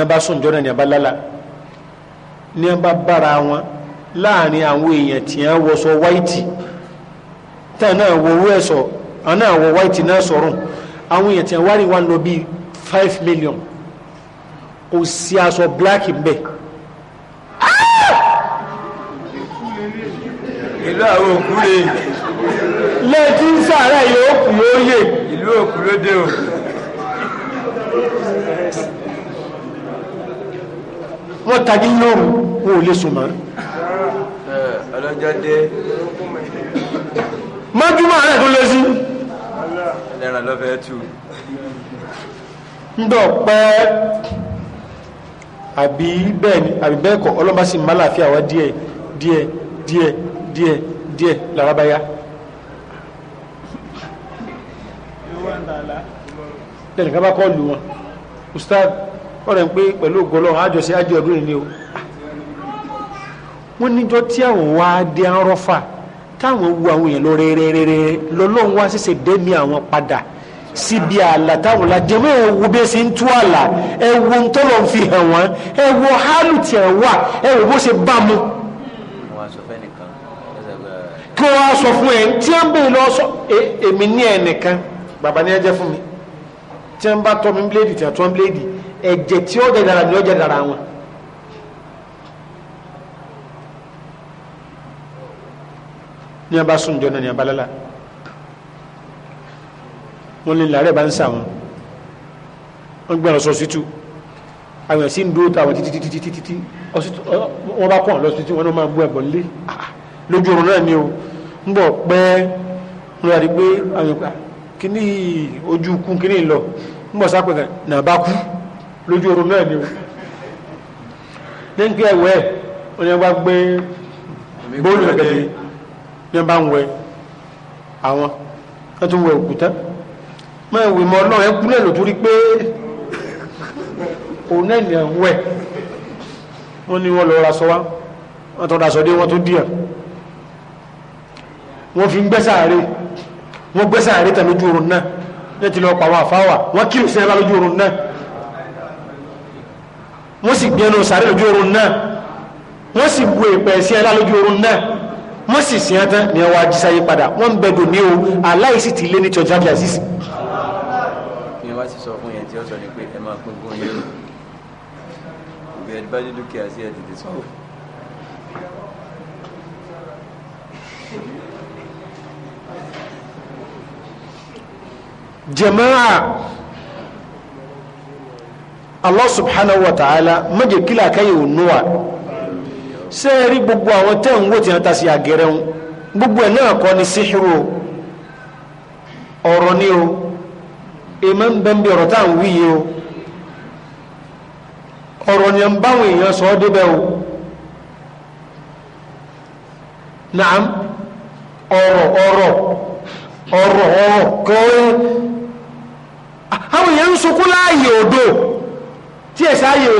a ba sùn a bá lálà a wọn tá náà wọ owó ẹ̀sọ́ àwọn náà wọ white náà sọ̀rọ̀ àwọn èèyàn tí wọ́n wárí wa lọ bíi five million kò sí aṣọ black ń bẹ̀. ìlú àwọn òkú lè. lẹ́ẹ̀tí sàárà yóò kú yóò yè. ìlú òkú ló dé o. wọ́n tagi lóru wọn ò lè sùn mọ́. ọlọ́jọ́ dé mọ́júmọ́ rẹ̀ tó lé sí ẹlẹ́ran lọ́fẹ́ tú ndọ̀ pẹ́ àbí bẹ́ẹ̀ ni àbí bẹ́ẹ̀ kọ́ ọlọ́mọ sì má láàfíà wá díẹ̀ díẹ̀ díẹ̀ díẹ̀ díẹ̀ làrábáyá. lẹ́nu ká bá kọ́ lù wọn ustad ọ̀rẹ́ ń pé pẹ̀lú ògbọ́lọ́run àjọṣe àjọ ọdún yìí ni o wọ́n níjọ́ tí àwọn wá dé arọ́fà táwọn wu àwọn èèyàn lọ rẹ́rẹ́rẹ́rẹ́ lọ́lọ́run wá ṣẹ̀ṣẹ̀ dẹ́mi àwọn padà síbi àlà táwọn la jẹ́mọ́ ẹ wo bẹ́ẹ̀ ṣe ń tú àlà ẹ wo ń tọ́lọ̀ fi hàn wọ́n ẹ wo hálù tiẹ̀ wà ẹ wo bó ṣe bá mu. Ah. kí wọ́n á sọ fún ẹ tí wọ́n bèèrè lọ sọ e, èmi ní ẹ nìkan bàbá ni ẹ jẹ́ fún mi tí wọ́n bá tọ́ mi bíléèdì tí wọ́n tọ́ mi bíléèdì ẹ̀jẹ̀ tí ó jẹ́ dára ni ó jẹ́ dára wọn. ní abá sùn jọ náà ní abalala wọn lè làárẹ̀ bá ń sà wọn wọn gbé ọ̀sọ̀ sítú ni o ní bá ń wẹ àwọn ẹ tún wẹ òkúta máa wẹ mọ Ọlọ́run ẹ kú náà lò torí pé òun náà ní àwọn wẹ wọn ni wọn lọ ra sọ wá wọn tọ́ da sọ dé wọn tó díà wọn fi ń gbẹ́sàárè wọn gbẹ́sàárè tẹ̀ lójú oorun náà ní ti lọ pa àwọn àfáwà wọn kírun sí ẹ bá lójú oorun náà wọn sì gbẹnu sàárè lójú oorun náà wọ́n sì bu èpè sí ẹ lálójú oorun náà wọ́n sì sí ẹ́tán ní ọwọ́ ajísáyé padà wọ́n ń bẹ̀dọ̀ ní o aláìsí ti lé ní church of jesus. kí wọ́n sì sọ fún yẹn tí ó sọ ni pé ẹ máa gbógun yẹn o òbí ẹni bá ní dúkìá sí ẹ tètè sọ. jẹ̀mọ́ra Allah subhanahu wa ta'ala mọ̀jẹ̀ kílà káyọ̀ ònú wa. ṣé ẹ rí gbogbo àwọn tẹ́ ń wò tí wọ́n ta sí àgẹ̀rẹ̀ gbogbo ẹ̀ náà kọ́ ni síhìrù ọ̀rọ̀ ni o èèmọ̀ ń ọrọ ń bí ọ̀rọ̀ o ọ̀rọ̀ ni ń báwọn èèyàn sọ ọ́ débẹ̀ o na ọ̀rọ̀ ọ̀rọ̀ ọ̀rọ̀ ọ̀rọ̀ kọ́ọ́rẹ́ àwọn èèyàn ń sunkún láàyè tí ẹ̀ sáàyè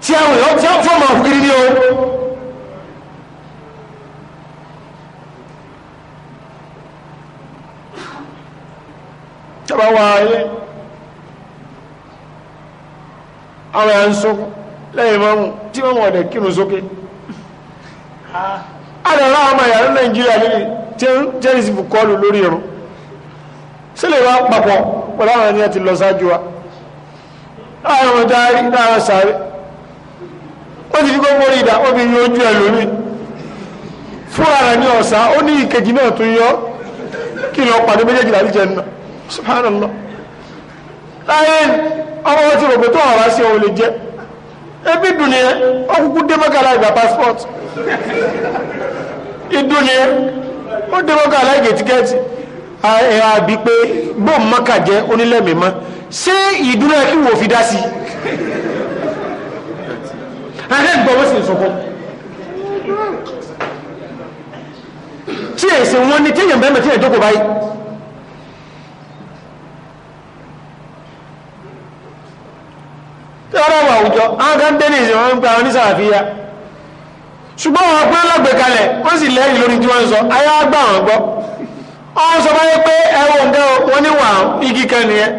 tí àwọn èèyàn tí wọ́n fọ́ máa kiri ní o tọ́ba wà ilé àwọn èèyàn ń sókún lẹ́yìn mọ́mú tí wọ́n wọ̀dẹ̀ kírun sókè àdàrà àwọn àyàrá nàìjíríà níbi jẹ́rìsì bùkọ́lù lórí ẹ̀rọ sílẹ̀ wá papọ̀ pẹ̀lú àwọn ẹni àti lọ sáájú wa láàrín ọmọdé àárín láàrín sáré ó ti fi kó ìdá ó fi ojú ẹ lómi fúnra rẹ̀ ní ọ̀sán ó ní ìkejì náà tún yọ kí lọ pàdé méjèèjì láti jẹ nà láyé ọmọ wọn ti rò tó sí ọ lè jẹ ebi dùn ni ẹ ọkùnkùn ìgbà passport idun ó dé ìgbà tíkẹ́ẹ̀tì àbí pé bóun mọ́kà jẹ́ onílẹ̀mí mọ́ ṣé kí wò fi dá sí i. ahẹ́gbọ́ wọ́n sì ń sọkún tí èsì wọn ni téèyàn bẹ́ẹ̀ mẹ́tíyàn jókòó báyìí tí ọ̀rọ̀ wà àwùjọ àwọn kan dé ní ìsìn wọn ń pa ṣùgbọ́n wọn pẹ́ sì lẹ́yìn lórí tí wọ́n ń sọ ayé wọn gbọ́ sọ báyé pé nǹkan wọn wà igi kan nìyẹn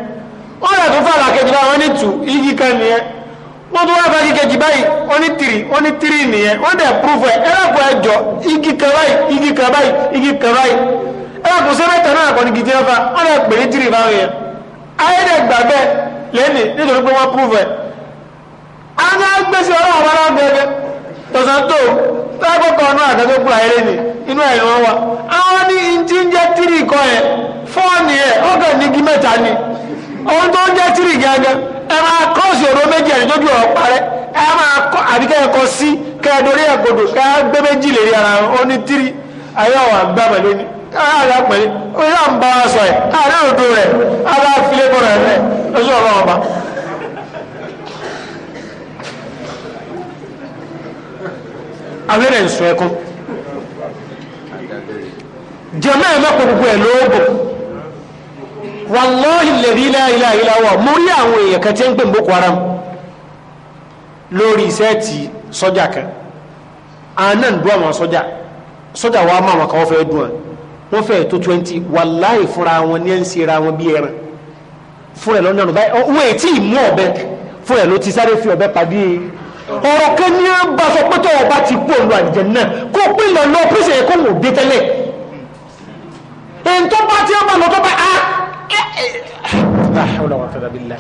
yàtọ̀ fún àlàkejì láwọn ní tù igi kan nìyẹn wọ́n tó wá fagi oni tiri oni tiri oní tìrì nìyẹn wọ́n dẹ̀ púrúfù ẹ̀ ẹ̀rọ̀pọ̀ ẹ̀jọ̀ igi kan báyìí igi kan báyìí igi kan báyìí ẹ̀rọ̀pọ̀ sẹ́mẹ̀tà náà kọ́ni gidi ẹ̀fà wọ́n dẹ̀ pè é tìrì báwọn yẹn ayédègbà bẹ́ẹ̀ lẹ́nì nítorí pé wọ́n púrúfù ẹ̀. àwọn agbésí ọlọ́run bá lọ́wọ́ gẹ́gẹ́ tọ̀sán tó lákòókò ọ̀nà àdájọ́kù ayẹlẹ́ ni inú ẹ̀ wọ́n wà àwọn ní ti ń jẹ́ tìrì kan ẹ̀ fọ́ọ̀nì ẹ̀ ọ̀gàn ní mẹ́ta ni ohun tó ń jẹ́ tírì gangan ẹ máa kọ́ọ̀sì òró méjì ẹni tójú ọ̀rọ̀ parẹ́ ẹ máa kọ́ àbí kẹ́ ẹ kọ́ sí kẹ́ ẹ dorí ẹ̀gbọ́dọ̀ kẹ́ ẹ gbé méjì lè rí ara wọn ó ní tírì ayé ọ̀wà gbá pẹ̀lú ni káàdì àpẹẹrẹ ó yà ń bá wa sọ ẹ̀ káàdì òdo rẹ̀ á bá filé bọ̀rọ̀ rẹ̀ lọ́sọ̀ ọlọ́run ọba. abẹ́rẹ́ ń ẹ̀kọ́ jẹ́mọ́ ẹ̀ mọ́kò gbogbo ẹ̀ lóògùn wàlọ́hì lẹ́bí láìlá ìláwọ̀ mú rí àwọn èèyàn kan tí ń pè ń boko haram lórí iṣẹ́ ti sọ́jà kan àánà ń dún sọ́jà sọ́jà wa máa wọn kan dùn án wọ́n fẹ́ tó twenty wàláhì fúnra wọn ní ẹ̀ ń ṣe ra wọn bí ẹran fún ẹ̀ lọ́nà ọ̀nà wọ́n ètí ìmú ọ̀bẹ fún ló ti sáré fi ọ̀bẹ pàdé ọ̀rọ̀ kan ní à ń bá sọ pé tó ọba ti kú òun àjẹjẹ náà kó pé lọ́nà pèsè ẹ̀kọ́ wò dé tẹ́lẹ̀ a. Ah, láhàúlà wà fẹ́rẹ̀ bílá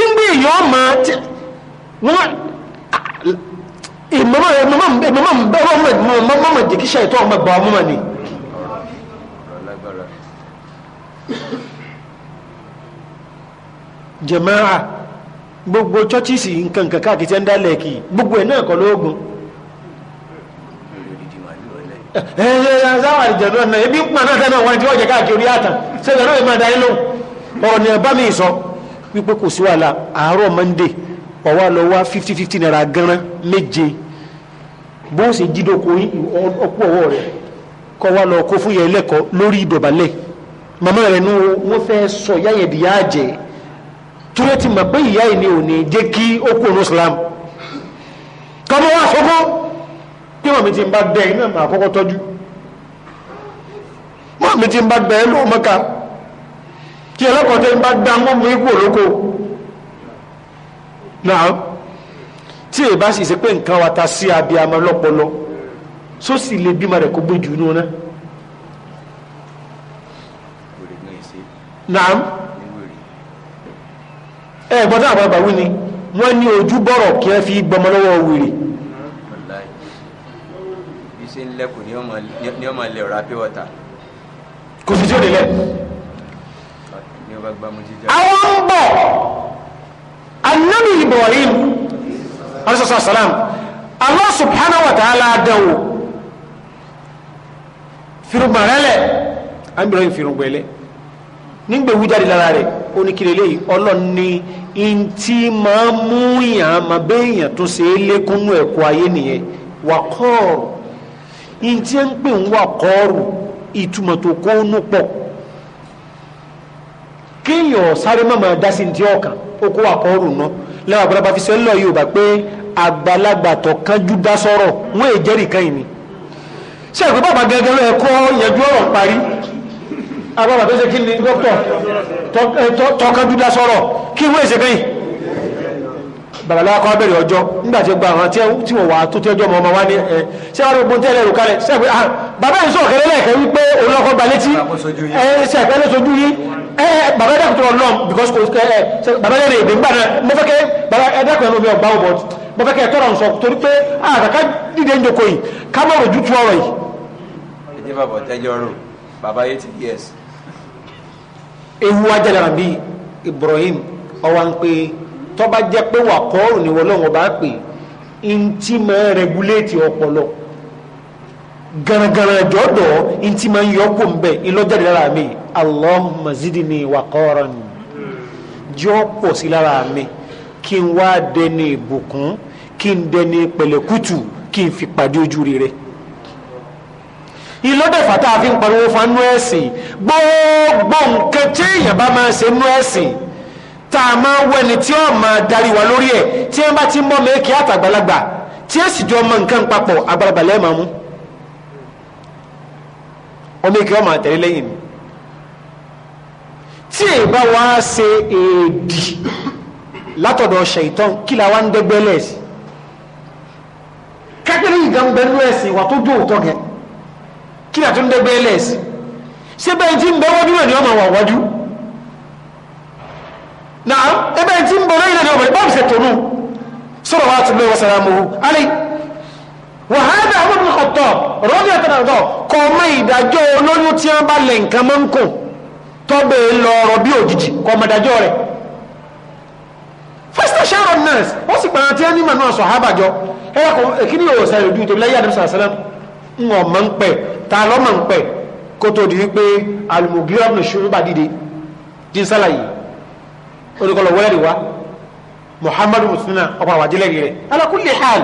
ìgbé èyàn ọmọ tí wọ́n ìmọ̀mọ̀ ìmọ̀mọ̀ jẹ́kíṣẹ́ ìtọ́ ọmọ ẹgbà ọmọ ni jẹ̀máà gbogbo chọ́chísì nǹkan kàkàkì tẹ́ ń dálẹ̀ kì gbogbo ẹ̀ náà kọ́ lóògùn ẹ̀ẹ́dáwà ìjẹ̀dọ́ a ebi ń náà tẹ́lẹ̀ n'a tí wọ́n jẹ káàkiri àtàn ṣe ìjẹ̀dọ́ yìí máa da ilé ọ̀rọ̀ ni ẹ̀bá mi sọ wípé kò sí wàhálà àárọ̀ monday ọ̀wá lọ wá fifty fifty naira gan-an méje bó ṣe jídóko ọkú ọwọ́ rẹ̀ kọ́ wá sọ níwọ̀n mi ti ń bá dẹ iná mà kọ́kọ́ tọ́jú mọ́ mi ti ń bá dẹ ẹ lóò mọ́ka tí ẹlẹ́kọ̀ọ́tẹ́ ń bá dá mọ́ mi kú olóko náà tí èyí bá sì ṣe pé nǹkan wa ta sí abiyamọ lọ́pọlọ só sì lè bímọ rẹ̀ kó gbé jù nínú náà. naam ẹ gbọ́dọ̀ àwọn àbáwí ni wọ́n ní ojú bọ̀rọ̀ kí ẹ fi gbọmọ lọ́wọ́ wèrè lẹ́kùn ní ọmọ ilẹ̀ ọ̀rá pé wọ́ta. kò sí tí ó délẹ̀. àwọn ń bọ̀ annabi ibrahim alayhi salam allah subhanahu wa ta'ala dánwò fìrùgbọ̀nrẹ́lẹ̀ ibrahim fìrùgbọ̀nrẹ́lẹ̀ nígbè wújáde lára rẹ̀ ó ní kílẹ̀ léyìí ọlọ́run ní ntí máa mú yàn máa bẹ́ẹ̀ tó ṣe é lékúnnú ẹ̀kọ́ ayé nìyẹn wà kọ́ọ̀rọ̀ in tí ń pè ń wà kọ́ọ̀rù ìtumọ̀ tó kó nú pọ̀ kéèyàn sáré mọ̀mọ́ dásí ti ọ̀kan ó kó wà kọ́ọ̀rù náà lẹ́wọ̀n àgbàlagbà fi sẹ́lọ̀ yóò bá pé àgbàlagbà tó kánjú dá sọ̀rọ̀ wọ́n èjẹ́rìí kan ìní ṣé ìpín bàbá gẹ́gẹ́ lọ ẹ̀kọ́ yẹjú ọ̀rọ̀ parí agbábà tó ṣe kí ni dókítà tọ́kánjú dá sọ̀rọ̀ kí wọ́n èṣe kan babaláwa kọ́ bẹ̀rẹ̀ ọjọ́ nígbà tí ó gba àwọn tí wọ́n wà tó tí ọjọ́ mọ́ ọmọ wa ní ẹ̀ ṣé wàá gbogbo tẹ́lẹ̀ rò kalẹ̀ ṣe pé ah bàbá yìí sọ̀rọ̀ kẹlẹ́ lẹ́ẹ̀kẹ́ wípé olùkọ́ gba létí ẹ ṣe àpẹẹrẹ sojú yìí ẹ bàbá ẹ̀dá kùtù ọlọ́m because kò ẹ bàbá ẹ̀dá èdè ńgbà náà mo fẹ́ kẹ́ bàbá ẹ̀dá kùtù ọlọ́m ọgbà ọ̀bọ̀ mo fẹ́ kẹ́ tọ́ra nsọ torí pé ah kàkà dìde ń joko yìí ká mọ̀ rojú tu ọ̀rọ̀ yìí. ẹjẹ bàbá ọtẹjọ rò bàbá eighty years. ewu ajalara bíi Ibrahim ọwa ń pe tọ́ba jẹ́ pé wà kọ́ọ̀rù ni wọ́lọ́wọ́ bá pè ntí máa rẹguléètì ọpọlọ garagara jọ́dọ̀ ntí máa ń yọkù mbẹ ìlọ́jáde lára mi Allahumma zidni waqaran jọ́ pọ̀ sí lára mi kí n wá dẹni ìbùkún kí n dẹni pẹ̀lẹ́kùtù kí n fi pàdé ojú rere ìlọ́dẹ̀fà tá a ń pariwo fa nú ẹ̀sìn gbogbo nǹkan tí èèyàn bá máa ṣe nú ẹ̀sìn tá a máa wẹni tí ó máa darí wa lórí ẹ̀ tí wọ́n bá ti mọ́ mẹ́kì àtàgbàlagbà tí èsì jọ mọ nǹkan papọ̀ àgbàlagbà lẹ́ẹ̀ máa mú ọmọ èkè ọmọ àtẹ̀lé lẹ́yìn mi tí èyí bá wá ṣe èdì látọ̀dọ̀ ṣèyítán kí la wá ń dẹ́gbẹ́ lẹ́ẹ̀sì kápẹ́lú ìgbàǹgbẹ́lú ẹ̀sìn wà tó dùn òótọ́ gẹ̀ kí la tó ń dẹ́gbẹ́ lẹ́ẹ̀sì ṣé bẹ́ẹ̀ tí ń bẹ́wọ́dúnrún ẹ̀ ni ọmọ wà wájú náà ebe tí ń bọ̀rọ̀ ilẹ̀ ọmọ ìbá ìṣẹ̀ tónú sọ́rọ̀ wá tún lọ́wọ́ sàrámùhù alẹ́ wàhálà àwọn ọmọ ọ̀tọ̀ rọ́bì àtàdàdọ̀ kọ́ ọmọ ìdájọ́ olóyún tí wọ́n bá lẹ̀ nǹkan mọ́ ń kù tọ́bẹ̀ lọ ọ̀rọ̀ bí òjijì kọ́ ọmọ ìdájọ́ rẹ̀ fásitì sàrọ̀ nọ́ọ̀sì ó sì pàrọ̀ tí wọ́n ní mànú ọ̀sọ̀ àbàjọ ẹ̀kọ́ èkíní olùkọ́lọ̀ wẹ́lẹ́rì wa muhammadu musulina ọkọ̀ àwọn àjẹlẹ́rì rẹ̀ ala kulli hal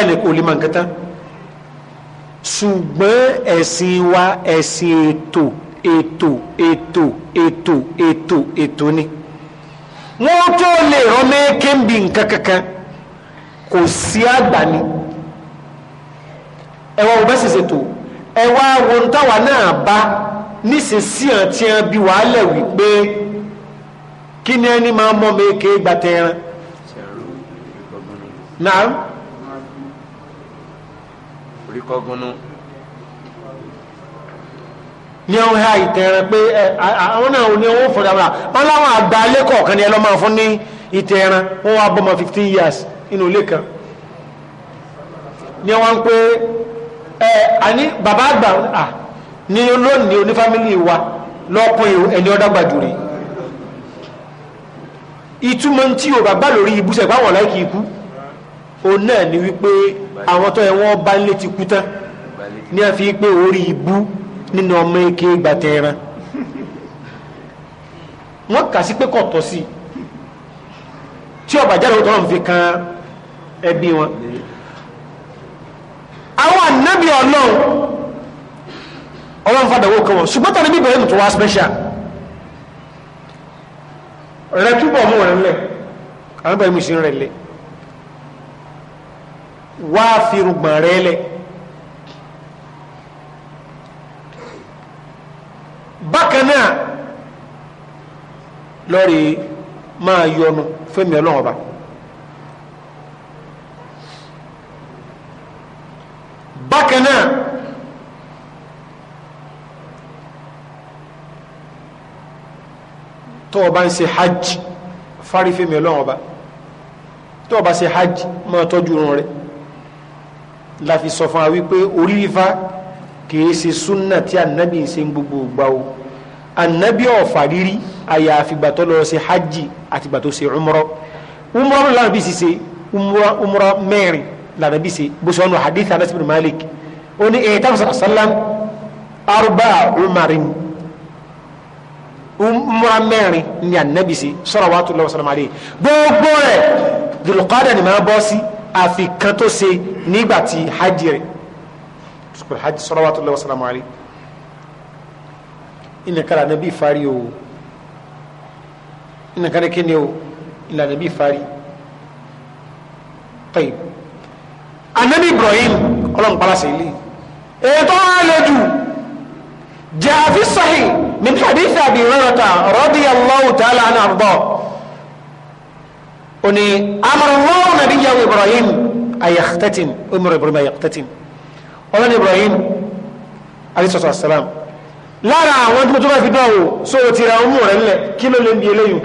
ẹnì kò lè máa ń kẹta ṣùgbọ́n ẹ̀sìn wa ẹ̀sìn ètò ètò ètò ètò ètò ètò ni wọ́n tó lè rán mẹ́kẹ́ ń bi kò sí àgbà ni ẹ̀wọ̀n ò ṣètò ẹ̀wọ̀n àwọn táwa náà bá nísinsìnyí àti ẹran bí wàhálẹ̀ wípé kí ni ẹni máa mọ́ mi ké gbàtẹ́ ẹran náà oríkọ́gúnnú ní ọ̀hún ha ìtẹ̀rẹ̀ pé àwọn náà ní owó fọ̀dà wà wọn láwọn àgbà ilé kọ̀ọ̀kan ni ẹ fún ní ìtẹ̀rẹ̀ wọn wá bọ́mọ fifteen years inú ilé kan ní wọn pé ẹ àní bàbá àgbà ah ní lónìí onífámílì wa lọ́pọ̀ ẹni ọ̀dàgbà jù rèé ìtumọ̀ tí yóò bàbá lórí ibùsẹ̀ báwọn láìkì ikú òun náà ni wípé àwọn tó ẹ̀wọ̀n bá ń lé ti kú tán ní a fi pé orí ibú nínú ọmọ eke gbàtẹ ẹran wọn kà sí pé kọ̀tọ̀ sí tí ọba jáde òtọ́ fi kan ẹbí wọn àwọn ànábì ọlọ́run ọlọ́run fàdàwọ́ kan wọn ṣùgbọ́n tàbí bẹ̀rẹ̀ tó wá special rẹ̀ túbọ̀ mú rẹ̀ lẹ̀ àwọn bẹ̀rẹ̀ mìíràn rẹ̀ lẹ̀ wá fi rùgbọ̀n rẹ̀ lẹ̀ bákan náà lórí máa yọnu fẹ́mi ọlọ́run ọba tó o bá ń ṣe hajj fárífẹ́ mi ọlọ́run ọba tó o bá ṣe hajj máa tọ́jú irun rẹ la fi sọ fún wa wípé orí fífá kìí ṣe súnà tí ànábì ń ṣe ń gbogbo gbà o ànábì ọ̀fà rírí àyàfi gbà tó lọ ṣe hajj àti gbà tó ṣe umrọ umrọ lànà bí ṣiṣe umrọ mẹ́rin lànà bí ṣe bó ọ̀nà hadith Anas Malik ó ní ẹ̀ẹ́dàgbàsá sálám arba umarin umra mẹ́rin ni anabi ṣe salawatullahi wa salamu alayhi gbogbo rẹ̀ dùlùkọ́dà ni máa bọ́ sí àfi kan tó ṣe nígbà tí hajj rẹ̀ hajj salawatullahi wa salamu alayhi ìnìkan anabi fari o ìnìkan kí ni o ìlànà anabi fari tayyib anabi ibrahim ọlọ́run pàlásẹ̀ ilé ètò àlejò jẹ́ àfi sahih. من حديث أبي هريرة رضي الله تعالى عنه أرضاه أني أمر الله نبيه إبراهيم أن يختتم أمر إبراهيم أن يختتم أولا إبراهيم عليه الصلاة والسلام lára àwọn tí mo tó bá fi dánwò só o ti ra ọmọ rẹ̀ lẹ̀ kí ló lè ń bi eléyìn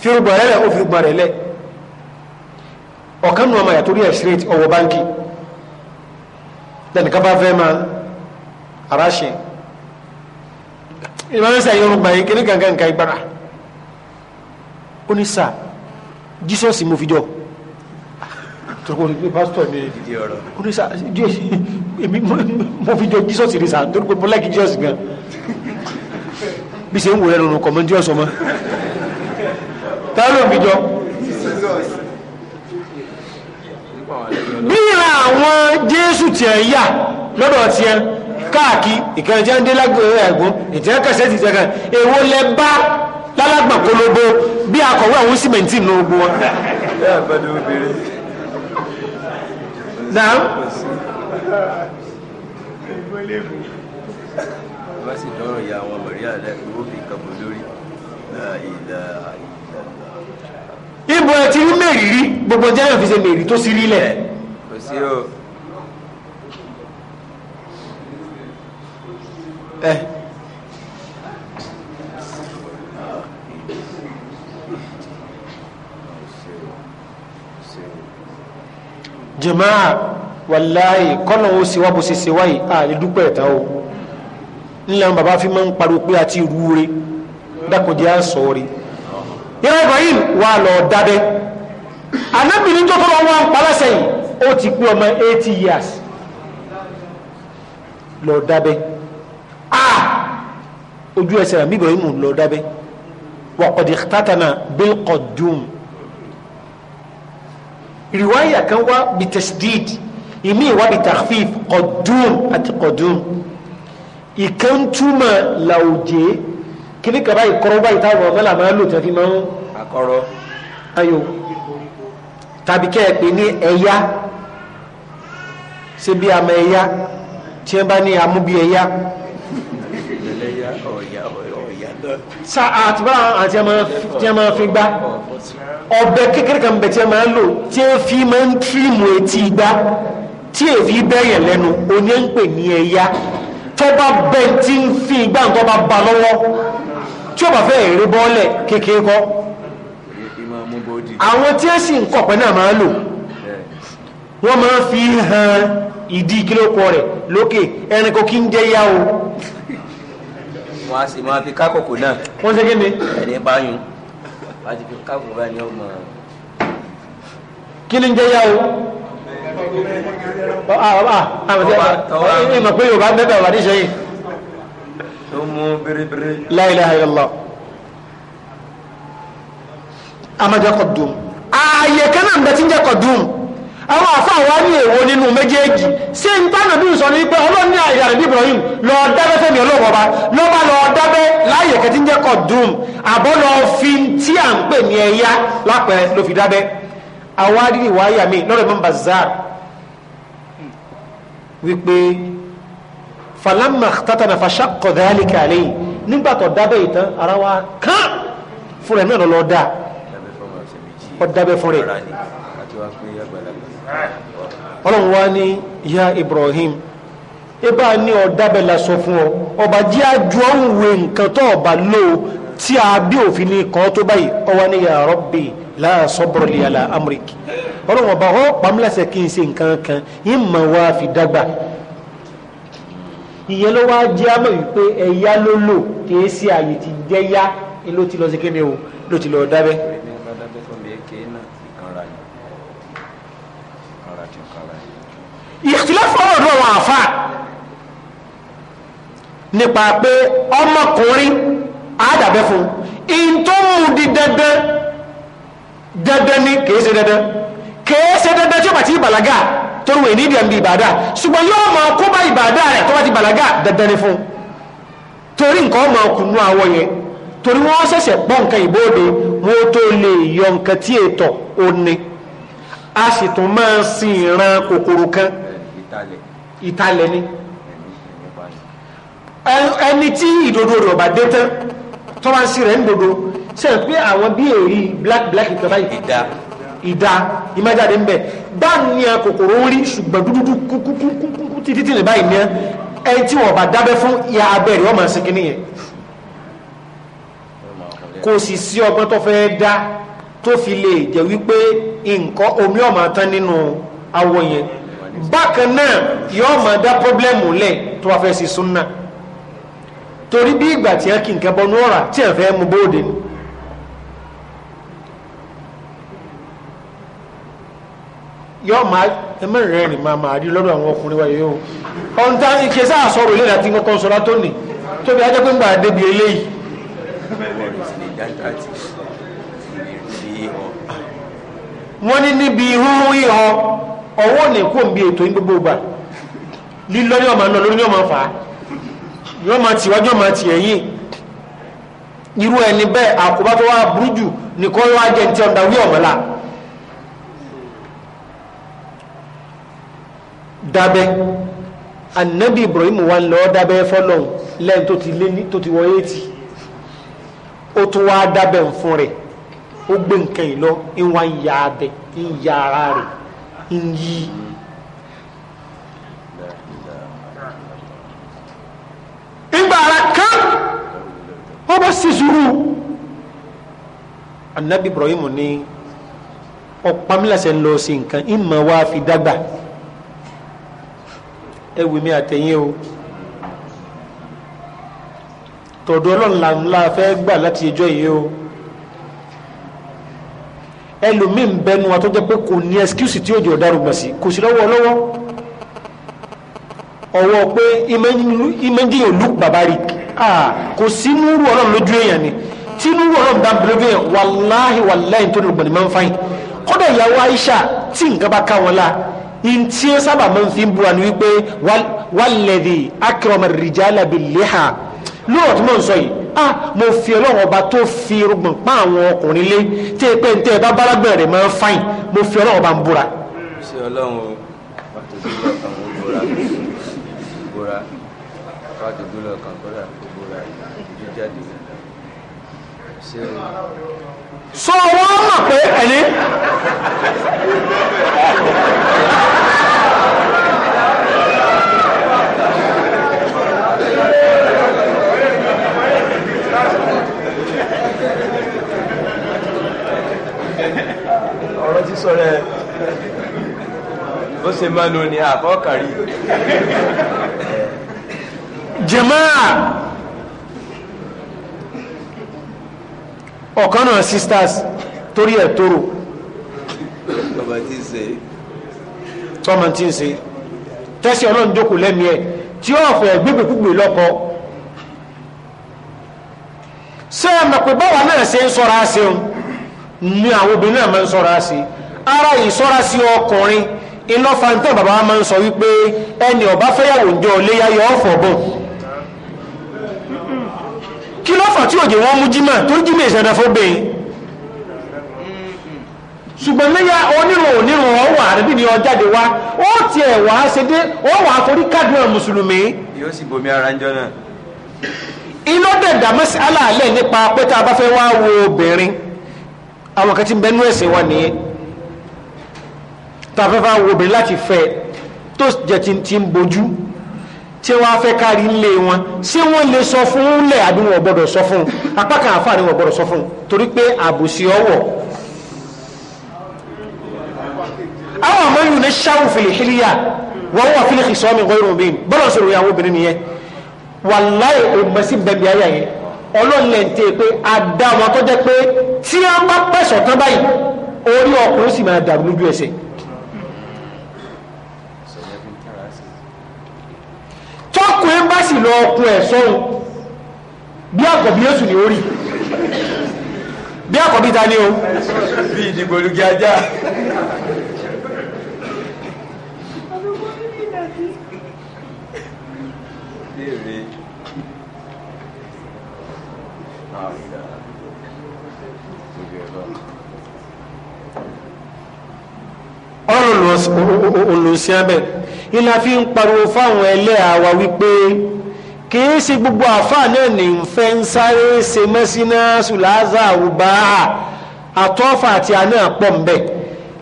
fi rúgbà rẹ̀ lẹ̀ ó fi rúgbà rẹ̀ lẹ̀ ọ̀kan nù ọmọ yà torí ẹ̀ straight ọwọ́ báńkì lẹ́nìkan bá fẹ́ máa aráṣẹ́ ìmọ̀lẹ́sẹ̀ yorùbá yìí kí ní gangan nǹkan ìgbára ó ní sáà jesus mo fi jọ torí pé pásítọ̀ ní ìdíje ọ̀rọ̀ ó ní sáà èmi mo fi jọ jesus rí sáà torí pé mo lẹ́kì jesus gan bí ṣe ń wò lẹ́nu kọ̀ àwọn jésù tiẹ̀ yà lọ́dọ̀ tiẹ̀ káàkiri ìkẹrẹjẹ ń dé lágbèrè ẹ̀gbọ́n ìtẹ́ kẹsẹ̀ ti tẹ́kẹ̀ èwo lẹ bá lálàgbà kólóbó bí akọ̀wé àwọn símẹ̀ǹtì nù ogun wọn. náà bá sì dọ́rọ̀ ya àwọn mẹ̀ríà lẹ́kọ̀ọ́ fi kàbọ̀ lórí ìlà ìlà. ibo ẹ ti rí mẹ́rìírí gbogbo jẹ́yàn fi ṣe mẹ́rìí tó sí rí lẹ̀. kò sí o. ẹ. jẹ̀máà wàláyé kọ́nà ó sì wá bó ṣe ṣe wáyé àlè dúpẹ́ ẹ̀tàn o ńlá bàbá fi máa ń pariwo pé àti rúure dákòjá sọ̀ọ́rẹ́ yẹ́rọ Ibrahim wà lọ dábẹ́ anábìrin tó tọ́lọ́ wọn paláṣẹ yìí ó ti pé ọmọ eighty years lọ dábẹ́ ojú ẹsẹ̀ rẹ̀ bíbẹ̀ ìmú lọ dábẹ́ wà ọ̀dì tátànà bil qudum riwaya kan wá bi tasdid ìmí wá bi takhfif qudum àti qudum ìkan túmọ̀ làwùjẹ́ kíní kaba ìkọrọ báyìí táwọn ọmọ làmà lò tẹ́ máa ń akọrọ ayò tàbí kẹ́ ẹ̀ pé ní ẹ̀yà ṣe bí àmọ́ ẹ̀yà tí bá ní amúbi ẹ̀yà àtìbá àti ẹmọ fi gbá ọ̀bẹ kékeré kan bẹ̀ tí ẹ máa ń lò tí ẹ fi máa ń tírìmù etí igbá tí ẹ fi bẹ́yẹ̀ lẹ́nu oní ń pè ní ẹ̀yà tó bá bẹ́ tí ń fi igbá nǹkan bá ba lọ́wọ́ tí ó bá fẹ́ èrè bọ́ọ̀lẹ̀ kékeré kọ́ àwọn tí ẹ sì ń kọ̀pẹ́ náà máa lò wọ́n máa fi hàn ìdí kílókọ rẹ̀ lókè ẹranko kí ń jẹ́ yá o wọn a sì máa fi kákòkò náà. wọ́n ṣe kí ni. ẹni bá yun wọ́n ti fi kákòkò bá ní ọmọ. kí ni ń jẹ́ yá o. ẹ mọ̀ pé yorùbá ń bẹ́ẹ̀ bá ní sẹ́yìn. tó mú biribiri. la ilaha illallah. amadiya kọ dùn. ààyè kan náà ń bẹ tí ń jẹ́ kọ dùn àwọn àfáàwá ní èwo nínú méjèèjì sí ń tánà bí sọ ní pé ọlọ́run ní àyà rẹ̀ Ibrahim lọ dábẹ́ fẹ́mi ọlọ́wọ́ bá ló bá lọ dábẹ́ láàyè kẹtí ń jẹ́ kọ̀ dùn àbọ́ lọ fi tí à ń pè ní ẹ̀yà lápẹ̀rẹ̀ ló fi dábẹ́ àwọn adìrì wáyà mi lọ́rọ̀ mọ́ bazar wípé falama tatana fasakọ̀ dáálì kàlẹ́ yìí nígbà tó dábẹ́ ìtàn ara wa kán fúnra náà lọ dáa ọ dábẹ́ fúnra ọlọ́run wá ní ya Ibrahim ebá ní ọ̀dábẹ́là sọ fún ọ ọba jẹ́ àjọ òwe nǹkan tó ọba lò ó tí a bí òfin ní kan tó báyìí ọwá ní ya Rabbi la sabra li ala amrik ọlọ́run ọba ọ pàmílẹ̀sẹ̀ kí n ṣe nǹkan kan yín mọ̀ wá fi dágbà ìyẹn ló wá jẹ́ àmọ̀ wípé ẹ̀yà ló lò kì í ṣe àyè ti jẹ́ yá ló ti lọ sí kéde o ló ti lọ dábẹ́. ìtìlẹ́fọ́ ọ̀dọ̀ àwọn àfa nípa pé ọmọkùnrin àádàbẹ́ fún in tó mú di dandan dandan ni kìí ṣe dandan kìí ṣe dandan tí ó bá ti bàlágà tó rúwẹ̀ ní ìdíyàn bí ìbàdà ṣùgbọ́n yóò máa kó bá ìbàdà rẹ̀ tó bá ti bàlágà dandan ni fún torí nǹkan ọmọ ọkùnrin àwọn yẹn torí wọ́n ṣẹ̀ṣẹ̀ pọ̀ nǹkan ìbóde wọ́n tó lè yọ nǹkan tí ètò òní a sì tún máa sin ìran kòkòrò kan ìtalẹ̀ ni ẹni tí ìdodo rẹ̀ ọba dé tán tó máa ń sí rẹ̀ ń dodo ṣe pé àwọn bí èrí black black ìtàn báyìí ìdá ìdá ìmájáde ń bẹ̀ bá ní a kòkòrò orí ṣùgbọ́n dúdú kúkúkúkú títí tìlẹ̀ báyìí ní ẹni tí wọ́n bá dábẹ́ fún ìyá abẹ́rẹ́ ọmọ sí kínní yẹn kò sì sí ọgbọ́n tó fẹ́ dá tó fi lè jẹ́ wípé nǹkan omi ọmọ tán nínú awọ yẹn bákan náà yóò máa dá pọ́blẹ́mù lẹ̀ tó bá fẹ́ sí súnà torí bí ìgbà tí a kì ń kẹ́bọ́ ní ọ̀rà tí a fẹ́ mú bóde ni yóò máa ẹmọ rẹ̀ rìn máa máa rí lọ́dọ̀ àwọn ọkùnrin wáyé o ọ̀n tá ike sáà sọ̀rọ̀ ilé láti kọ́kọ́ sọ́ra tó nì tóbi ajẹ́ pé ń gbà débi eléyìí wọ́n ní níbi irú ihò ọwọ́ lè kó ń bí ètò gbogbo ìgbà lílọ ní ọmọ náà lórí ní ọmọ fà á yọ máa tì tì ẹ̀yìn ẹni bẹ́ẹ̀ àkóbá tó wá burú jù nìkan wá jẹ ti dabẹ ọ̀mọ́lá dábẹ́ anabi Ibrahim wa ń lọ dábẹ́ lẹ́yìn tó ti wọ éètì ó tún wá dábẹ́ fún ń yí ìgbà ara kan wọ́n bá sì zuru anabi Ibrahim ní ọ̀pamílàsẹ̀ ń lọ sí nǹkan ìmọ̀ wa fi dágbà ẹ wì mí àtẹ̀yìn o tọ̀dọ̀ ọlọ́run là fẹ́ gbà láti ẹjọ́ yìí o ẹlòmíì ń bẹnu wa tó jẹ́ pé kò ní ẹsikúsì tí òjò ọ̀daràn gbà sí kò sí lọ́wọ́ lọ́wọ́ ọwọ́ pé ìmẹ́jìyàn lù bàbá rí kò sí núrú ọlọ́run lójú èèyàn ni tí núrú ọlọ́run bá bẹ̀rẹ̀ bẹ̀rẹ̀ wàláhì wàláhì tó lùgbọ̀n ní máa ń fáyìn kọ́dọ̀ ìyàwó Aisha tí nǹkan bá ká wọn la ntí sábà máa ń fi búra ni wípé wàlẹ́dì akrama rijala bil liha lóòótọ́ mọ̀ ń yìí ah mo fi ọlọ́run ọba tó fi irúgbọ̀n pa àwọn ọkùnrin lé tí ẹ pé ní tẹ ẹ bá bálágbẹ̀ rẹ̀ máa ń fáyìn mo fi ọlọ́run ọba ń búra. ṣé ọlọ́run pàtẹ́dúlọ̀ kan ń búra búra pàtẹ́dúlọ̀ kan kọ́ra búra ìdíjáde ṣé sọ wọ́n mọ̀ pé ẹni. sọ̀rọ̀ ẹ̀ bó ṣe máa lò ní ọ̀kan náà sisters torí ẹ̀ tóró tọ́mọ tí ń ṣe tọ́mọ tí ń ṣe tẹ́sí ọlọ́run jókòó lẹ́mìí ẹ̀ tí ó fẹ́ lọ́kọ ṣé pé ara ìsọ́ra sí ọkùnrin iná fantẹ́ bàbá wa máa ń sọ wípé ẹni ọba fẹ́yàwó ń jọ léyà yọ ọ̀fọ̀ bọ̀ kí lọ́fà tí òjò wọn mú jímọ̀ tó jímọ̀ ìṣẹ̀dá fóbìnrin ṣùgbọ́n léyà onírun onírun wọn wà níbi ni ọ jáde wá ó tiẹ̀ wá ṣe dé ó wà forí kádùn mùsùlùmí. yóò sì bomi ara ń jọ náà. iná dẹ̀dà mọ́sí aláàlẹ̀ nípa pé bá fẹ́ wá wo obìnrin àwọn kan ti bẹnu ẹ̀sìn nìyẹn tàfẹ́fà wòbìn láti fẹ́ tó jẹ́ ti ti ń bojú tí wọ́n á fẹ́ kárí ilé wọn ṣé wọ́n lè sọ fún un lẹ̀ àbí wọn gbọ́dọ̀ sọ fún un apá kan àfáà ni wọn gbọ́dọ̀ sọ fún un torí pé àbòsí ọwọ́ àwọn ọmọ yìí ní ṣáwù fìlì hílíyà wọ́n wà fìlì ìsọ́mi ọ̀rọ̀ mi bọ́lá sọ̀rọ̀ ìyàwó obìnrin nìyẹn wàláì òmùmọ̀ sí bẹ̀bí ayà yẹn ọlọ́ọ̀lẹ̀ ń tẹ́ pé àdá wọn tó jẹ́ pé tí wọ́n bá pẹ̀sọ̀ tán báyìí orí ọkùnrin sì máa dàrú lójú ẹsẹ̀ sì lọ ọkùn ẹ̀ sọ́hun bí àkọ́bí Jésù ni ó rí bí àkọ́bí ta ni o. bí ìdìbò olùgbé ajá. ọlọ́run olùsìn abẹ ilà fi ń pariwo fáwọn ẹlẹ́àwa wípé. kìí ṣe gbogbo àfáà náà ní fẹ́ ń sáré ṣe mẹ́sínà ṣùláàzà àwùbá àtọ́fà àti àná pọ̀ ń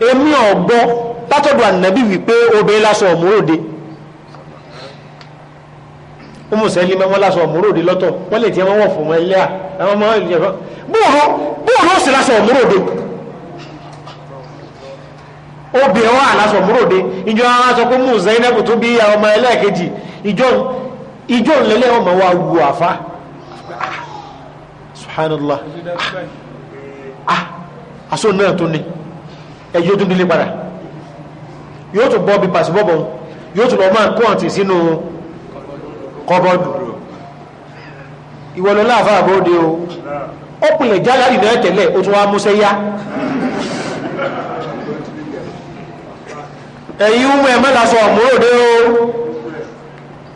èmi ọ̀gbọ́ látọ̀dọ̀ ànàbí wípé obìnrin lásọ ọ̀múròde ó mọ̀ sẹ́lí mẹ́wọ́n lásọ ọ̀múròde lọ́tọ̀ wọ́n lè tiẹ́ wọ́n fún ìjọ ńlẹ́lẹ́ ọmọ wa wu àfa subhanallah ah, ah aso náà tó ní ẹjọ́ e tó nílé padà yóò tún bọ́ bí pàṣípọ̀bọ̀ yóò tún lọ máa kó àǹtí sínú kọ́bọ́ọ̀dù ìwọ̀n lọ́la àfa àbóde o ó pinlẹ̀ jálá ìlú ẹ̀ tẹ́lẹ̀ ó tún wá múṣẹ́ yá ẹ̀yin ń mú ẹ̀ sọ ọ̀múròde o.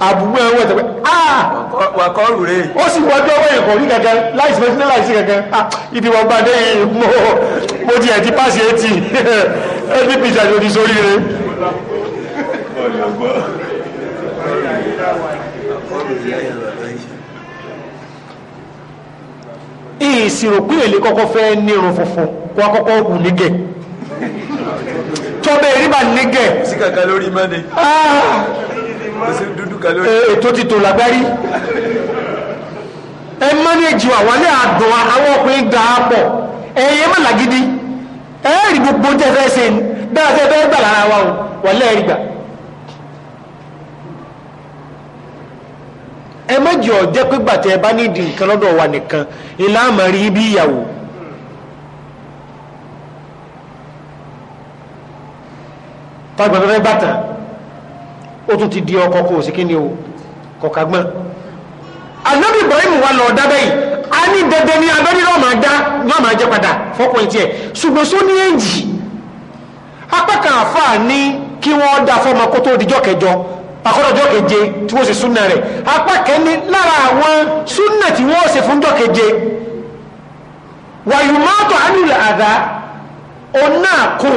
àbúgbò ẹwọ́ ẹ̀tẹ̀pẹ́ ah! wàkọ́rù rẹ̀ ó sì wọ́jọ́ ọwọ́ ẹ̀kọ́ ní kankan láìsí fẹ́ sílẹ̀ láìsí kankan ah, ibi wọn bá dé mo mo ti ẹ̀tí pàṣẹ ẹtì ẹbí pìtà ló ti sórí rẹ̀. ìsirò pé èlé kọ́kọ́ fẹ́ nírun funfun kó akọ́kọ́ wù nígẹ̀ tọ́bẹ̀ rí bá nígẹ̀. sí kankan lórí mọ́ni. Ah! Eh, ètò ti tò lágbárí ẹ mánéjì àwọn ní àdùn àwọn ọkùnrin dà á pọ̀ ẹ̀yẹ mọ̀ làgídí ẹ rí gbogbo tẹ fẹ́ ṣe ni bẹ́ẹ̀ tẹ fẹ́ gbà lára wa o wà lẹ́ẹ̀rí gbà ẹ méjì ọ̀jẹ́ pé gbàtẹ ẹ bá nídìí nǹkan lọ́dọ̀ wa nìkan ilá àmọ́ rí bí ìyàwó. tágbàgbẹ́ bàtàn ó tún ti di ọkọ kò sí kí ni o kọ̀kagbọ́n anabi ibrahim wà lọ dábẹ́ yìí a ní dandan ní abẹ́rẹ́ náà máa dá náà máa jẹ́ padà fọ́pọ̀ ìtì ẹ̀ ṣùgbọ́n só ní èjì apá kan àfà ní kí wọ́n dá fọ́mọ kó tó dijọ́ kẹjọ àkọ́dọ̀jọ́ keje tí wọ́n ṣe súnà rẹ̀ apá kẹni lára àwọn súnà tí wọ́n ṣe fúnjọ́ keje wàyùmọ́tò ánìlẹ̀ àdá ọ̀nà kún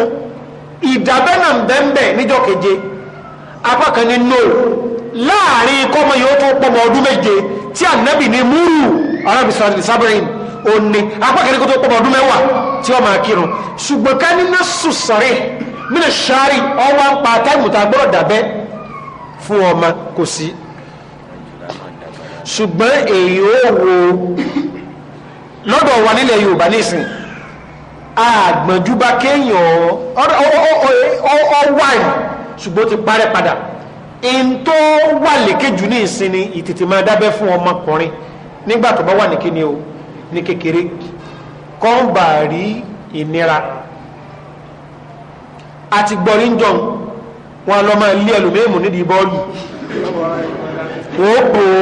ìdábẹ́nà níjọ́ keje apá kan ní no láàrin kọ́mọ yóò tó pọmọ ọdún méje tí ànábì ní múrù arábìsọ̀rọ̀ sábẹ́rin òní apá kan ní kó tó pọmọ ọdún mẹ́wàá tí ó máa kírun ṣùgbọ́n ká nínú sùsọ̀rẹ́ mínú ṣáárì ọwọ́ ń pa táìmù tá a gbọ́dọ̀ dàbẹ́ fún ọmọ kò sí ṣùgbọ́n èyí ó wo lọ́dọ̀ wa nílẹ̀ Yorùbá nísìn àgbọ̀njúbá kéèyàn ọwọ́ ṣùgbọ́n ti parẹ́ padà in tó wà lékè jù ní ìsinmi ìtètè máa dábẹ́ fún ọmọkùnrin nígbà tó bá wà ní kíni o ní kékeré kọ́n bá rí ìnira àti gbọ́rí ń jọun wọn lọ máa lé ẹlòmíìmù nídìí bọ́ọ̀lù ó ẹn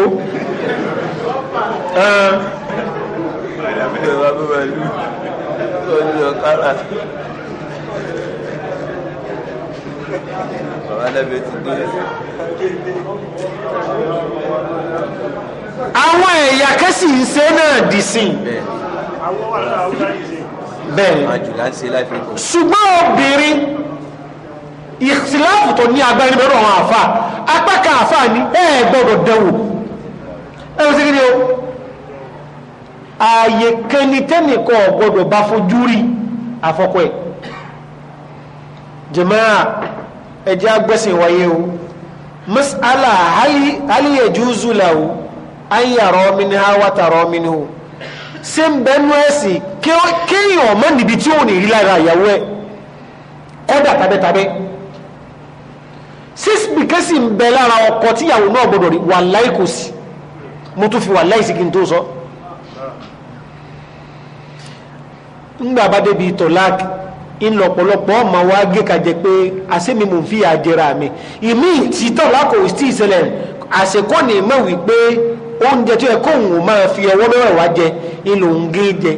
àwọn ẹ̀yà kẹ́sì ń ṣe náà dì sí bẹ́ẹ̀ ṣùgbọ́n obìnrin ìsìláàfù tó ní agbárí bẹ̀rẹ̀ àwọn àfà apáka àfà ní ẹ̀ gbọ́dọ̀ dẹ̀wò ẹ̀rọ sí kí ni o ààyè kẹni tẹ́nìkọ́ gbọ́dọ̀ bá fojú rí àfọ́kọ́ ẹ̀ jẹ̀máà ẹjẹ́ agbẹ́sìn wáyé o mas'ala ala yajuzu lahu an yara minha wa tara o ṣé ń bẹ́nu ẹ̀sìn kéèyàn ọmọ níbi tí òun ìrí lára ìyàwó ẹ̀ kọ́dà tàbẹ́tàbẹ́ sísìkẹ́ sì ń bẹ lára ọkọ tíyàwó náà gbọdọ̀ rí wallahi kò sí mo tún fi wallahi sí kí n tó sọ ńgbà bá débi ńlọpọlọpọ ọmọ wa gé kajẹ pé àsèmi mò ń fi àjẹrà mi ìmí ìtìtọ̀ lákòó sí ìṣẹ̀lẹ̀ àsèkọ́ ni mọ̀ wípé oúnjẹ tó yẹ kóhùn máa fi ọwọ́ mẹ́wàá wá jẹ ńlò ń gé jẹ.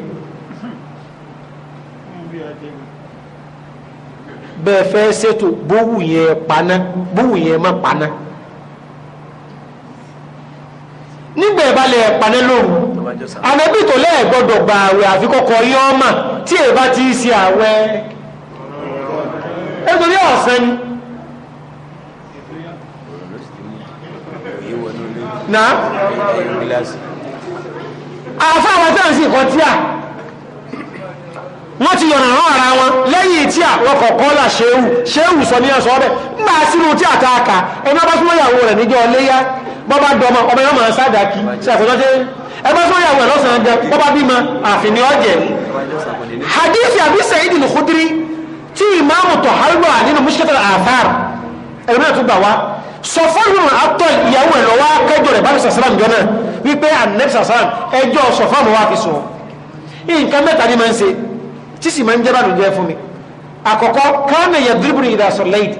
bẹ́ẹ̀ fẹ́ ṣètò bówù yẹn paná bówù yẹn má paná nígbà ìbálẹ̀ paná lóru àmẹ́bí tó lẹ́ẹ̀ gbọ́dọ̀ gba àwẹ̀ àfikọ́kọ́ yọ́ọ́mà tí èèbá ti ń ṣe àwẹ̀ nítorí ọ̀sán ni. na àfa àwọn tí a ń sìn kọ́ tíà wọ́n ti yọ̀nà rán ara wọn lẹ́yìn tí àwọn kọ̀ọ̀kan là ṣéwù ṣéwù sọ ní ẹ̀sọ́ ọbẹ̀ nígbà sínú tí àta àkà ẹni bá súnmọ́ ìyàwó rẹ̀ níjọ́ léyá bọ́bá dọmọ ọmọ yọmọ sádàkì sí àkọsọ́jẹ́ ẹ bá súnmọ́ ìyàwó rẹ̀ lọ́sàn-án jẹ bọ́bá bímọ àfìní ọ̀jẹ̀ hadith àbí Sayyidul Khudri tí ìmáàmù tọ̀ hálùmọ̀ nínú mushkilatul àfáàr ẹ̀rọ tó gbà wá sọ fọ́nù àtọ̀ ìyàwó ẹ̀ lọ́wọ́ kẹjọ rẹ̀ bábí sàsàrà ǹjọ́ náà wípé ànẹ́bí sàsàrà ẹjọ́ sọ fọ́nù wá fi sọ nǹkan mẹ́ta ni máa ń ṣe tí sì máa ń jẹ́bà lójú ẹ fún mi àkọ́kọ́ káàmì ẹ̀yà bíríbìrì ìdásọ̀ lẹ́yìn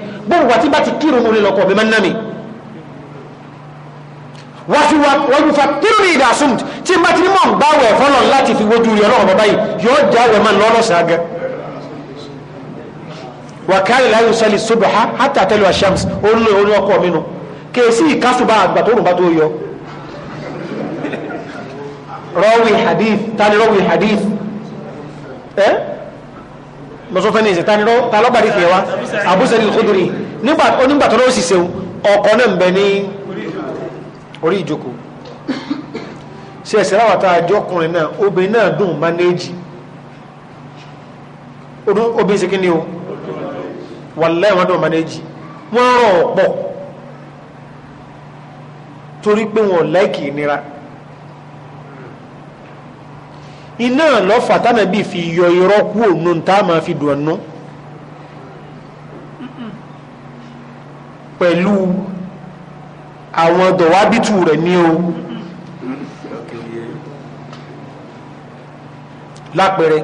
wàkàlẹ̀ láyé sọ́lì sóbàá hátà tẹ́lẹ̀ àṣàms orílẹ̀ orí ọkọ̀ mínú kèsì ìkásùbà àgbà tó rùnbá tó yọ rọ́wì hadith tani rọ́wì hadith ẹ́ mọ́sọ́fẹ́ni ìsẹ̀ tani tàlọ́gbàdì fi ẹwà àbúsẹ̀ ní kúdùrí nígbà tó lọ́wọ́ sì ṣeun ọkọ̀ náà ń bẹ ní orí ìjókòó sí ẹ̀sẹ̀ láwàtà àjọkùnrin náà obìnrin náà dùn manéjì obìnrin sì kí ni o wàlẹ́ wọn dùn manéjì wọ́n rọ̀ ọ̀pọ̀ torí pé wọn láìkì ìnira iná lọ́fà tánàbí fi yọ irọ́ kú òun tá a máa fi dùn ọ̀nù pẹ̀lú àwọn dọ̀wábìtù rẹ̀ ní o lápẹẹrẹ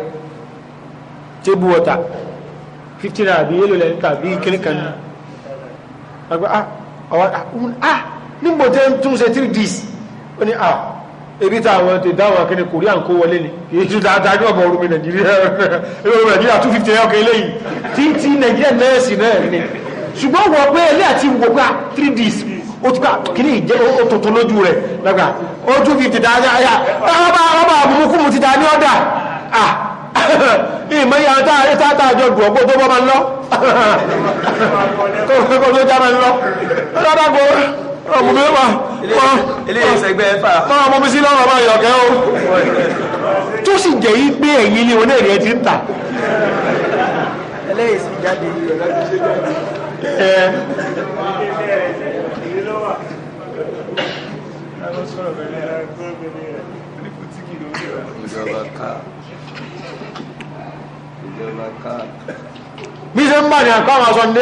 tébù ọ̀tà fifty naira àbí yélò lẹ́yìn tàbí kíní kan ní agbẹ́ ah àwọn ah, um, ah nígbò tẹ́ ń tún ṣe three days ó ní ah ebi tá àwọn ti dáwọn akẹ́ni kò rí à ń kó wọlé ni èyí tún dáadáa ní ọ̀bọ̀ orúmi nàìjíríà ẹgbẹ́ [LAUGHS] orúmi nàìjíríà two fifty naira ọkọ̀ eléyìí tí tí nàìjíríà nẹ́ẹ̀sì náà ni ṣùgbọ́n wọ pé ẹlẹ́ àti wọ pé ah, three days ó ti ká kìíní ìjẹ́ ó tuntun lójú rẹ̀ lọ́gbà ó two fifty dáadáa ọba ọba àbúrúkú mu ti dáa ní ọ̀dà ah [LAUGHS] ìmọ̀ yà tá a tá a tá a jọ dùn ọgbọ́n tó bọ́ máa ń lọ [LAUGHS] kó tó já máa ń lọ lọ́dọ̀ gbọ́ ọmọ mi wà máa mọ mi sí lọ́wọ́ máa yọ̀ kẹ́ o tó sì jẹ́ yí pé ẹ̀yin ni oní èrè ti ń tà. ẹlẹ́yìn bí ṣe ń bà ní amazọn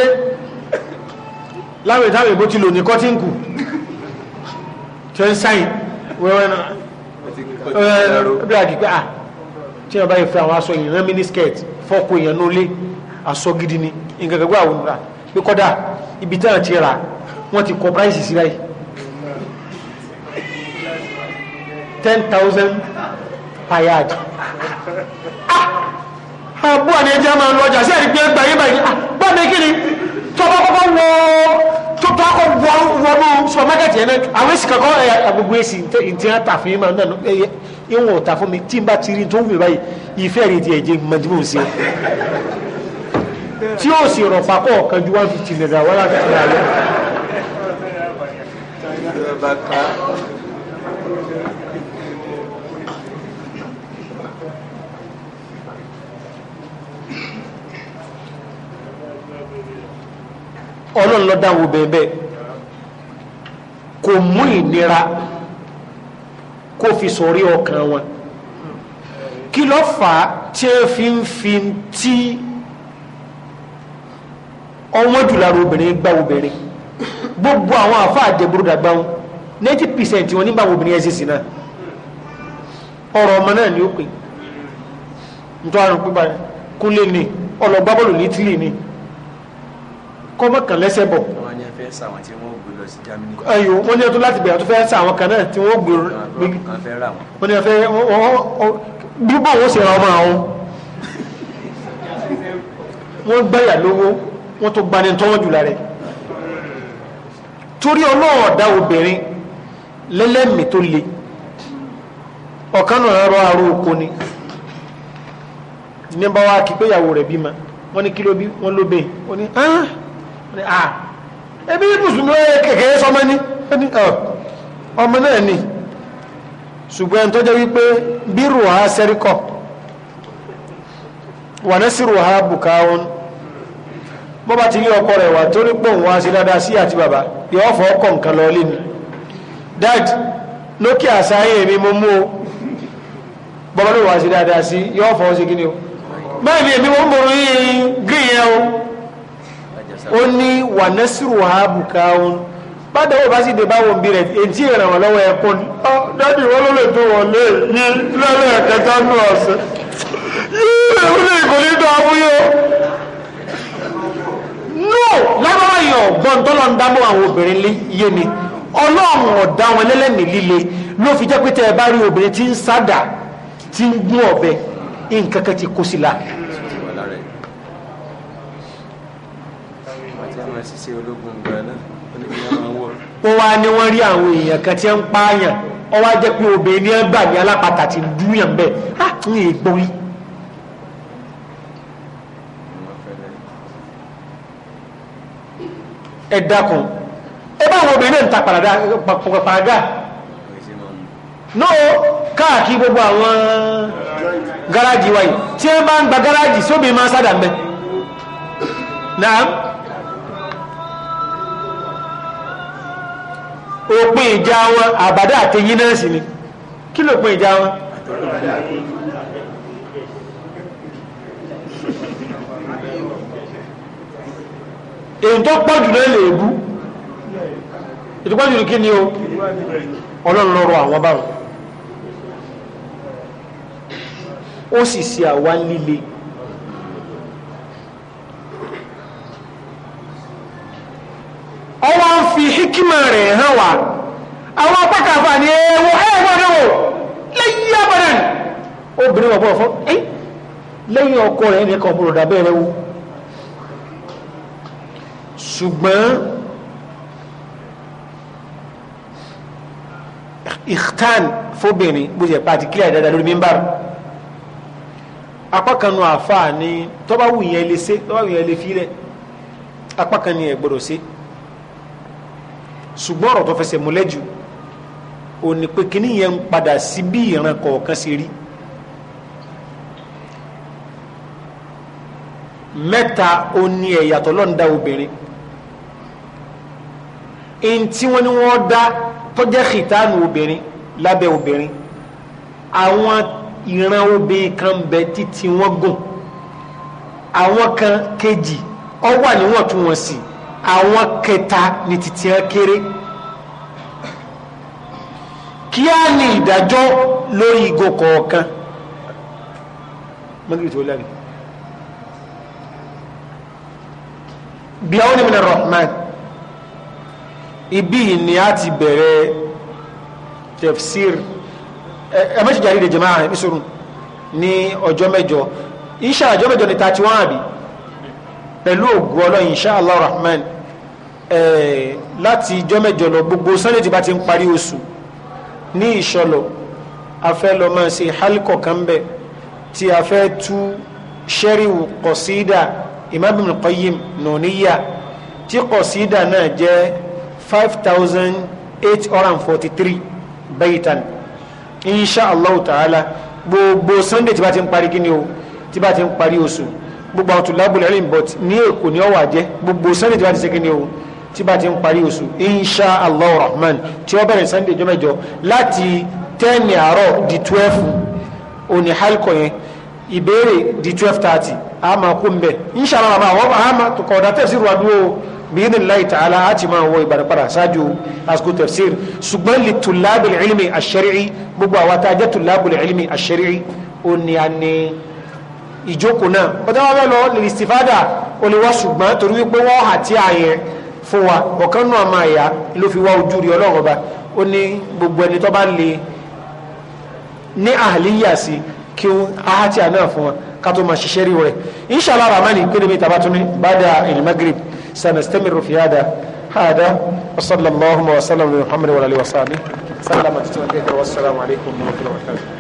àwọn aṣọ bó ti lò ní kọ́tíǹkù tí ó ń sáyìn wẹ́wẹ́ náà ah, tí bá skirt fọ́kù èèyàn ní olé ni àwọn pé kọ́dà ibi tí wọ́n ti rà wọ́n ti kọ àbú àni ẹjẹ́ máa lọ ọjà sí ẹ̀rí pé gbàyé báyìí gbọ́dọ̀ ah, kí ni tọ́ba kọ́kọ́ wọ tọ́ba kọ́ wọnú supermarket yẹn náà àwọn èsì kankan àgbègbè èsì ntí wọn tà fún yín máa nànú ẹyẹ ìwọ̀n ọ̀tà fún mi tí n bá ti rí tó ń wù báyìí ìfẹ́ rẹ̀ di ẹ̀jẹ̀ mọ̀dúnmọ̀ sí i tí ó sì rọ̀ papọ̀ kan ju one fifty naira one fifty naira lọ. ọlọ́run ló dáwọ́ bẹ́ẹ̀ kò mú ìnira kó fi sọ̀rí ọkàn wọn kí ló fà á tí ẹ fi ń fi tí ọwọ́n jùlọ obìnrin gbá obìnrin gbogbo àwọn àfa àdẹ̀bùrúdà gbá wọn ninety percent wọn nígbà obìnrin ẹ̀sìn sí náà ọ̀rọ̀ ọmọ náà ni ó pè nítorí àwọn pípa kúnlé ni ọlọ́gbábọ́ọ̀lù ní tìlì ni. kọ́mọ̀kàn lẹ́sẹ̀ bọ̀. wọ́n ní ẹ ayo wọ́n ní ẹ tó láti gbẹ̀yà tó fẹ́ sàwọn kan náà tí wọ́n gbé. wọ́n ní ẹ fẹ́ bíbọ̀ wọ́n ṣe ra ọmọ àwọn. wọ́n gbáyà lówó wọ́n tó gbani tọ́wọ́ jù lára ẹ̀. torí ọlọ́ọ̀dá obìnrin lẹ́lẹ́mì tó le ọ̀kan náà rọ àrò oko ni ní bá wa kí pé ìyàwó rẹ̀ bímọ wọ́n ní kí ló bí wọ́n ló bẹ́ẹ̀ wọ́n ní ebi mùsùlùmí kékeré sọmọ ní ọmọ náà ni ṣùgbọ́n tó jẹ́ wípé bí ruha sẹ́ríkọ̀ wà ní sí ruha bukawon bọ́ bá ti lé ọkọ rẹ̀ wà tó ní pọ̀ wọn sí dáadáa sí àti bàbá yọ ọ̀fọ̀ ọkọ̀ nǹkan lọ lé ní dad lókè àṣà ayé mi mo mú o bọ́bá ló wà sí dáadáa sí yọ ọ̀fọ̀ ọ̀sẹ̀ kí ni o báyìí èmi o ó ní wà nẹ́sìrò ààbù káwọn bàdà ó bá sì dé báwọn bí rẹ̀ ètí ìrànwọ́ lọ́wọ́ ẹ̀kọ́ ni. dádì wọn ló lè tó wọn lé ní lẹ́lẹ́ ẹ̀kẹta ní ọ̀sẹ̀ yíyí ó lè kò ní dáa fún yóò. no lábáwá yẹn ọ̀gbọ́n tọ́lọ́ ń dábọ̀ àwọn obìnrin yé ni ọlọ́run ọ̀dá wọn lẹ́lẹ́mìí líle ló fi jẹ́ pé tẹ́ ẹ bá rí obìnrin tí ń sádà tí ń gún ọ̀bẹ nǹkan kan ti kó sí la. máa ṣiṣẹ́ ológun gbà náà oníkìyàn máa wọ̀. wọ́n wá ní wọ́n rí àwọn èèyàn kan tí wọ́n ń pààyàn wọ́n wá jẹ́ pé obìnrin ní ẹgbà ní alápatà ti dúyàn bẹ́ẹ̀ á ń ègbọ́n yìí. ẹ dákun ẹ bá àwọn obìnrin náà ń ta pàràgà náà káàkiri gbogbo àwọn gáràjì wáyé tí wọ́n bá ń gba gáràjì sóbì máa ń sádà mẹ́ náà. òpin ìjà wọn àbádá àti yín náà sì ni kí ló pin ìjà wọn. èyí tó pọ̀ jù náà lè bú ètò pọ̀ jù ní kí ni o ọlọ́run lọ́rọ̀ àwọn báwọn ó sì ṣe àwa líle ọwọ́ ń fi hikima rẹ̀ hàn wá àwọn apákàfà ni ẹwọ ẹgbọ́dọ̀wọ̀ lẹ́yìn abọ́dàn obìnrin ọ̀bọ̀ fún ẹ́ lẹ́yìn ọkọ rẹ̀ ní ẹkọ̀ búrọ̀dà bẹ́ẹ̀rẹ̀ wo ṣùgbọ́n ìtàn fóbìnrin bó ṣe pàtí kílẹ̀ dáadáa lórí mímbà apákanu àfáà ni tọ́báwù yẹn lè ṣe tọ́báwù yẹn lè fi rẹ̀ apákan ni ẹ̀ gbọ́dọ̀ ṣe ṣùgbọ́n ọ̀rọ̀ tó fẹsẹ̀ múlẹ̀ jù ò ní pé kíní yẹn ń padà sí bí ìran kọ̀ọ̀kan ṣe rí mẹ́ta ó ní ẹ̀yà tọ́lọ́ǹda obìnrin ẹni tí wọ́n ní wọ́n dá tọ́jẹ́ kìtánù obìnrin lábẹ́ obìnrin àwọn ìran obìnrin kan bẹ títí wọ́n gùn àwọn kan kejì ọ wà níwọ̀ntúnwọ̀nsì àwọn kẹta ní títí ẹ kéré kí á ní ìdájọ́ lórí ìgò kọ̀ọ̀kan mọ́gìrì tó lẹ́nu bí àwọn onímọ̀ rahman ibi ni a ti bẹ̀rẹ̀ tefsir ẹ̀mẹ́sì jàrí ìdèjì máa ń sọ̀rọ̀ ní ọjọ́ mẹ́jọ insha ọjọ́ mẹ́jọ ni 31 pẹ̀lú ògùn ọlọ́yin insha Allah rahman láti ijọ́ mẹ́jọ lọ gbogbo sunday tí bá ti ń parí oṣù ní ìṣọlọ a fẹ́ lọ máa ṣe halkọ kan bẹ tí a fẹ́ tú sẹ́ríwù kọ̀sídà Imam Ibn Qayyim nùníyà tí kọ̀sídà náà jẹ́ five thousand eight hundred forty three baitan insha allah ta'ala gbogbo sunday tí bá ti ń parí kíni o tí bá ti ń parí oṣù gbogbo àwọn tùlábùlẹ̀ ẹ̀rìn bọ̀t ní èkó ni ó wà jẹ́ gbogbo sunday tí bá ti ṣe kíni o tí bá ti ń parí oṣù insha allah rahman tí ó bẹ̀rẹ̀ sunday jọ mẹ́jọ láti ten àárọ̀ di twelve òní halkọ yẹn ìbéèrè di twelve thirty a máa kó mbẹ insha allah rahman àwọn àmà tó kọ̀ ọ̀dà tẹ̀síru àdúró bíyìn láì tààlà a ti máa wọ ìbàdàn padà ṣáájú àsìkò tẹ̀síru ṣùgbọ́n lè tùlábìlì ilmi àṣẹ́rìí gbogbo àwọn tá a jẹ́ tùlábìlì ilmi àṣẹ́rìí òní àní ìjókòó náà bọ́dá wọn bẹ́ẹ̀ lọ lè istifada olùwọ́ ṣùgbọ́n torí wípé wọ́n hà tí a yẹn fún wa ọ̀kan náà máa yá ló fi wá ojú rí ọlọ́run ọba ó ní gbogbo ẹni tó bá lè ní àhàlíyà sí kí ó ahátì àná fún wa ká tó máa ṣiṣẹ́ rí rẹ̀ inṣàlá ramani pé níbi tàbá tún ní bada ilmagrib sanastamiru fi hada hada wa sallallahu wa sallam wa muhammadu wa alihi wa sahbihi sallama títí wọn kí ẹ kẹrọ wassalamu alaikum wa rahmatullahi wa barakatuh